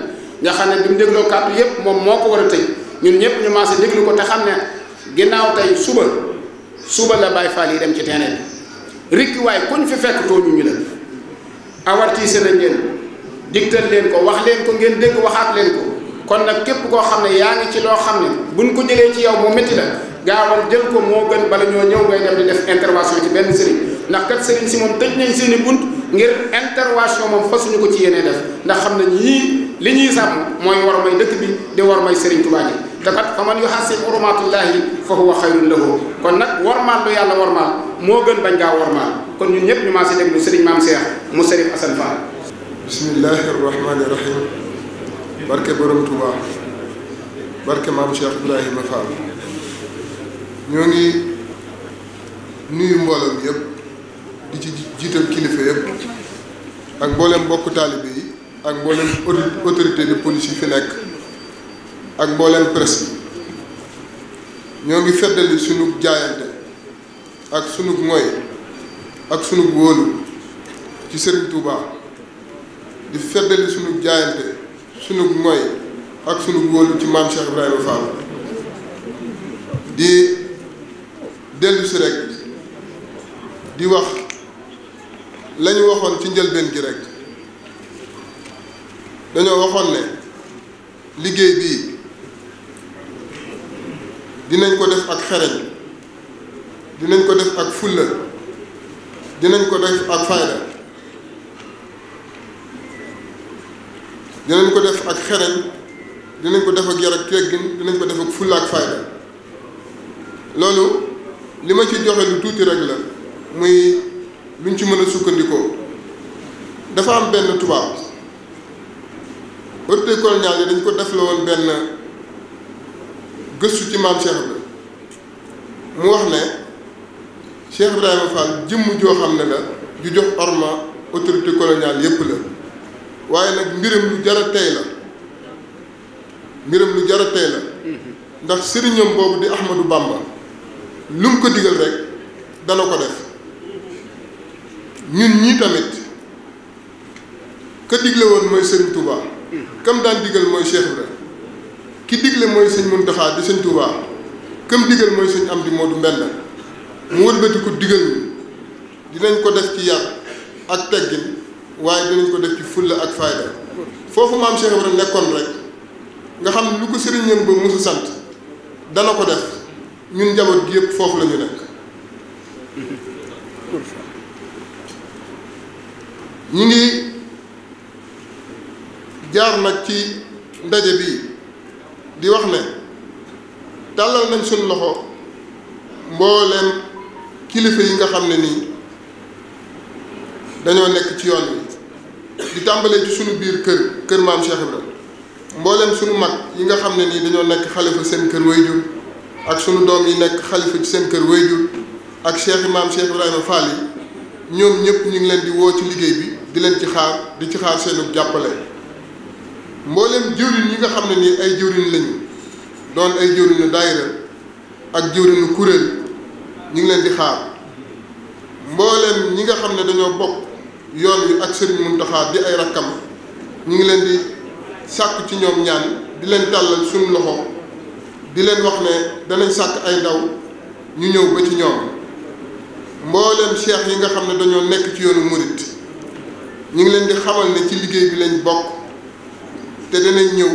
nga xam ne bi mu dégloo kàddu yëpp moom moo ko war a tëj ñun ñëpp ñu maase déglu ko te xam ne ginnaaw tey suba suba la Baye Fall yi dem ci teeneen rikki waaye kuñ fi fekk tooñu ñu la awartiise nañ leen digtal leen ko wax leen ko ngeen dégg waxaat leen ko kon nag képp koo xam ne yaa ngi ci loo xam ne buñ ko jëlee ci yow mu métti la gaawal jël ko moo gën bala ñoo ñëw ngay dem di def intervention ci benn sëriñ ndax kat sëriñ si moom tëj nañ seeni bunt ngir intervention moom fasuñu ko ci yéene def ndax xam ne ñii li ñuy sàmm mooy war may dëkk bi di war may sëriñ Tuubaa ji te kat fa man yu xasib urmatullahi fa huwa xayrun lahu kon nag warmaal lu yàlla warmaal moo gën bañ gaa warmaal kon ñun ñëpp ñu maa si déglu sëriñ maam Seex mu sëriñ Asan Fall bismillahi rahmani rahim barke borom Touba barke maam Cheikh Ibrahima Fall ñoo ngi nuyu mbooloo mi yëpp di ci jiital kilifa yëpp ak mboolem bokk taalibe yi ak mboolem autorité de police yi fi nekk ak mboolem presse yi ñoo ngi feddali sunu jaayante ak sunu mooy ak sunu wóolu ci Serigne Touba di feddali sunu jaayante. sunu mooy ak sunu wóolu ci maam Cheikh Ibrahima Fall di dellu rekk di wax la waxoon ci njëlbeen gi rek dañoo waxoon ne liggéey bii dinañ ko def ak xereñ dinañ ko def ak fulla dinañ ko def ak fayda dinañ ko def ak xereñ dinañ ko def ak yar ak dinañ ko def ak fulla ak fayda loolu li ma ci joxe lu tuuti rek la muy luñ ci mën a sukkandikoo dafa am benn tubaab autorité coloniale yi dañ ko def la woon benn gëstu ci maam Cheikh Ibrahima mu wax ne Cheikh Ibrahima Fall jëmm joo xam ne la ju jox orma autorité coloniale yépp la waaye nag mbiram lu jar a tey la mbiram lu jar tey la ndax sëriñam boobu di Ahmadou Bamba lu mu ko digal rek dana ko def ñun ñii tamit ka digle woon mooy sëriñ Touba kam daan digal mooy Cheikh Ibra ki digle mooy sëñ Muntaxa di sëñ Touba kam mooy sëñ Amdi Modou Mbenda mu wëlbati ko digal ñu dinañ ko def ci yar ak teggin waaye dinañ ko def ci fulla ak fayda foofu maam Cheikh Ibrahima nekkoon rek nga xam lu ko sëriñ ñan ba musu sant dana ko def ñun njaboot gi yëpp foofu lañu ñu nekk ñu ngi jaar nag ci ndaje bi di wax ne tàllal nañ suñ loxo mbooleem kilifa yi nga xam ne nii dañoo nekk ci yoon wi di tàmbalee ci suñu biir kër kër maam Cheikh Ibra mbooleem suñu mag yi nga xam ne nii dañoo nekk xalifa seen kër wayjur ak suñu doom yi nekk xalifa ci seen kër wayjur ak Cheikh maam Cheikh Ibrahima Fall yi ñoom ñëpp ñu ngi leen di woo ci liggéey bi di leen ci xaar di ci xaar seenu jàppale mbooleem jëwriñ yi nga xam ne nii ay jëwriñ lañu doon ay jëwriñu daayira ak jëwriñu kuréel ñu ngi leen di xaar mbooleem ñi nga xam ne dañoo bokk yoon wi ak Serigne Mountakha di ay rakkam ñu ngi leen di sàkk ci ñoom ñaan di leen tàllal suñu loxo di leen wax ne danañ sàkk ay ndaw ñu ñëw ba ci ñoom mbooleem cheikh yi nga xam ne dañoo nekk ci yoonu murit ñu ngi leen di xamal ne ci liggéey bi lañu bokk te danañ ñëw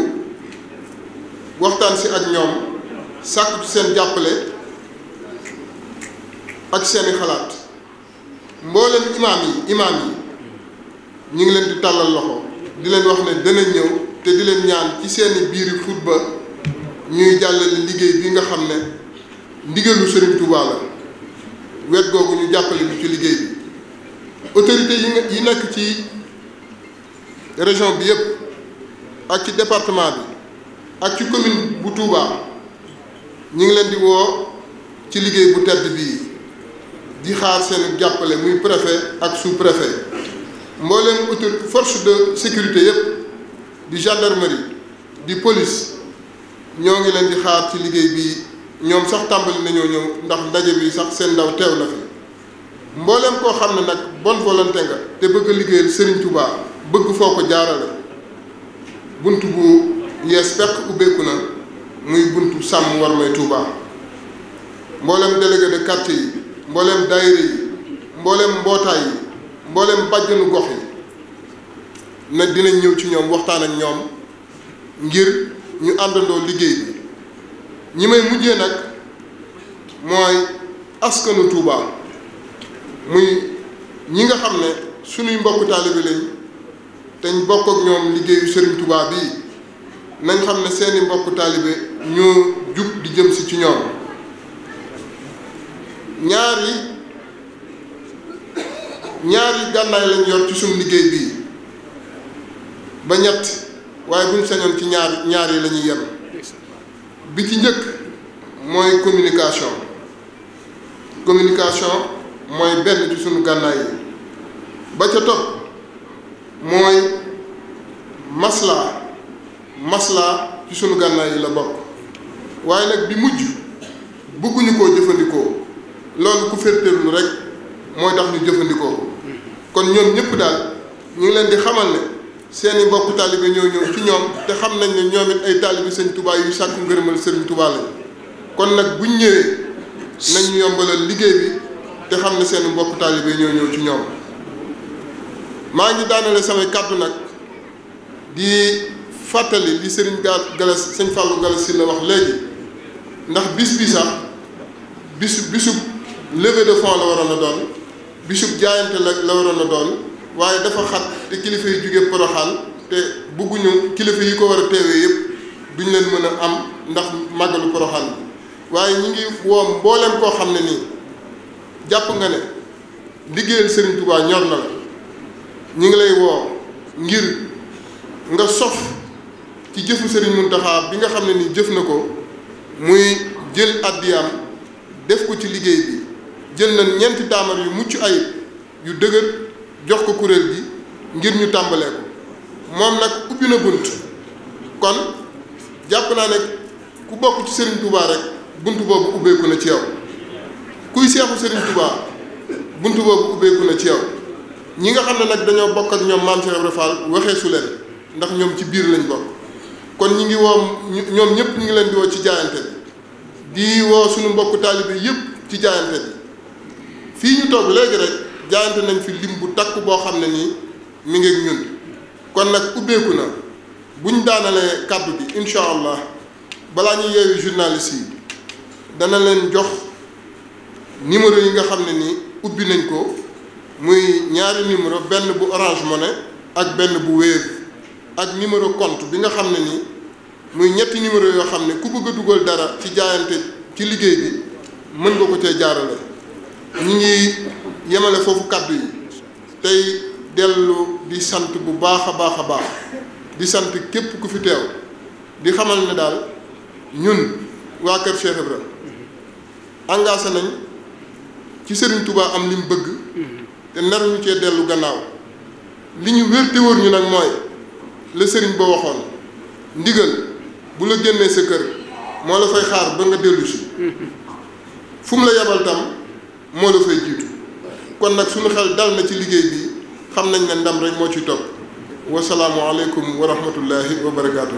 waxtaan si ak ñoom sàkk ci seen jàppale ak seeni xalaat mboolem imaam yi imaam yi ñu ngi leen di tàllal loxo di leen wax ne dana ñëw te di leen ñaan ci seeni biiri football ñuy jàllale liggéey bi nga xam ne ndigalu Serigne Touba la wet googu ñu jàppale ñu ci liggéey bi autorité yi yi nekk ci région bi yëpp ak ci département bi ak ci commune bu Touba ñu ngi leen di woo ci liggéey bu tedd bii di xaar seeni jàppale muy préfet ak sous-préfet mbooleem autorité force de sécurité yëpp di gendarmerie di police ñoo ngi leen di xaar ci liggéey bi ñoom sax tàmbali nañoo ñëw ndax ndaje bi sax seen ndaw teew na fi mbooleem koo xam ne nag bonne volonté nga te bëgg liggéeyal Serigne Touba bëgg foo ko jaarale bunt bu yees fekk ubbeeku na muy buntu sàmm war may Touba mbooleem délégué de quartier yi mbooleem daayira yi mbooleem mbootaay yi mboolem bàjjenu gox yi na dinañ ñëw ci ñoom waxtaan ak ñoom ngir ñu àndandoo liggéey bi ñi may mujjee nag mooy askanu Touba muy ñi nga xam ne suñuy mbokk taalibe lañ te bokk ñoom liggéeyu Serigne Touba bii nañ xam ne seeni mbokk taalibe ñoo jub di jëm si ci ñoom ñaar yi ñaari gànnaay lañ yor ci suñu liggéey bii ba ñett waaye buñ sañoon ci ñaar ñaar yi la ñuy bi ci njëkk mooy communication communication mooy benn ci suñu gànnaay yi ba ca topp mooy maslaa maslaa ci suñu gànnaay yi la bokk waaye nag bi mujj bëgguñu koo jëfandikoo loolu ku féeteerlu rekk mooy tax ñu jëfandikoo ko kon ñoom ñëpp daal ñu ngi leen di xamal ne seen i mbokk taalibe ñoo ñëw ci ñoom te xam nañ ne ñoom ay taalibe sëñ Touba yu sàkku ngërëmal sëriñ Touba lañ kon nag buñ ñëwee nañ ñu yombalal liggéey bi te xam ne seen mbokk taalibe ñoo ñëw ci ñoom maa ngi daanale samay kàddu nag di fàttali li sëriñ Galas sëñ Fallou Galas si la wax léegi ndax bis bisa sax bisu bisu levée la waroon a doon bisub jaayante la la waroon a doon waaye dafa xat te kilifa yi jóge poroxaan te bëgguñu kilifa yi ko war a teewee yëpp duñ leen mën a am ndax màggalu poroxaan bi waaye ñu ngi woo mbooleem koo xam ne nii jàpp nga ne liggéeyal Serigne Touba ñor na la ñu ngi lay woo ngir nga sof ci jëfu Serigne Mountakha bi nga xam ne ni jëf na ko muy jël addiyaam def ko ci liggéey bi. jël nañ ñeenti daamar yu mucc ay yu dëgër jox ko kuréel gi ngir ñu tàmbalee ko moom nag ubbi na bunt kon jàpp naa ne ku bokk ci Serigne Touba rek bunt boobu ubbiku na ci yow kuy seexu sëriñ Touba bunt boobu ubbeeku na ci yow ñi nga xam ne nag dañoo bokk ak ñoom maam Cheikh Ibra waxee su leen ndax ñoom ci biir lañ bokk kon ñi ngi woo ñoom ñëpp ñu ngi leen di woo ci jaayante bi di woo suñu mbokku taalibe yëpp ci jaayante bi. fii ñu toog léegi rek jaante nañ fi lim bu takk boo xam ne nii mi ngi ñun kon nag ubbeeku na buñ daanalee kàddu bi incha allah balaa ñu yeewi journaliste yi dana leen jox numéro yi nga xam ne nii ubbi nañ ko muy ñaari numéro benn bu Orange mone ak benn bu Wave ak numéro compte bi nga xam ne nii muy ñetti numéro yoo xam ne ku ko a dugal dara ci jaayante ci liggéey bi mën nga ko cee jaarale ñi ngi yemale foofu kàddu yi tey dellu di sant bu baax a baax a baax di sant képp ku fi teew di xamal ne daal ñun waa Kër Cheikh Ibra nañ ci Serigne Touba am li mu bëgg te nar ñu cee dellu gannaaw li ñu wér te wër ñu nag mooy la Serigne ba waxoon ndigal bu la génnee sa kër moo la fay xaar ba nga dellu si la yebal tam. moo la fay jiitu kon nag suñu xel dal na ci liggéey bi xam nañ ne ndam rek moo ci topp wasalaamualeykum wa rahmatullahi wa barakaatu.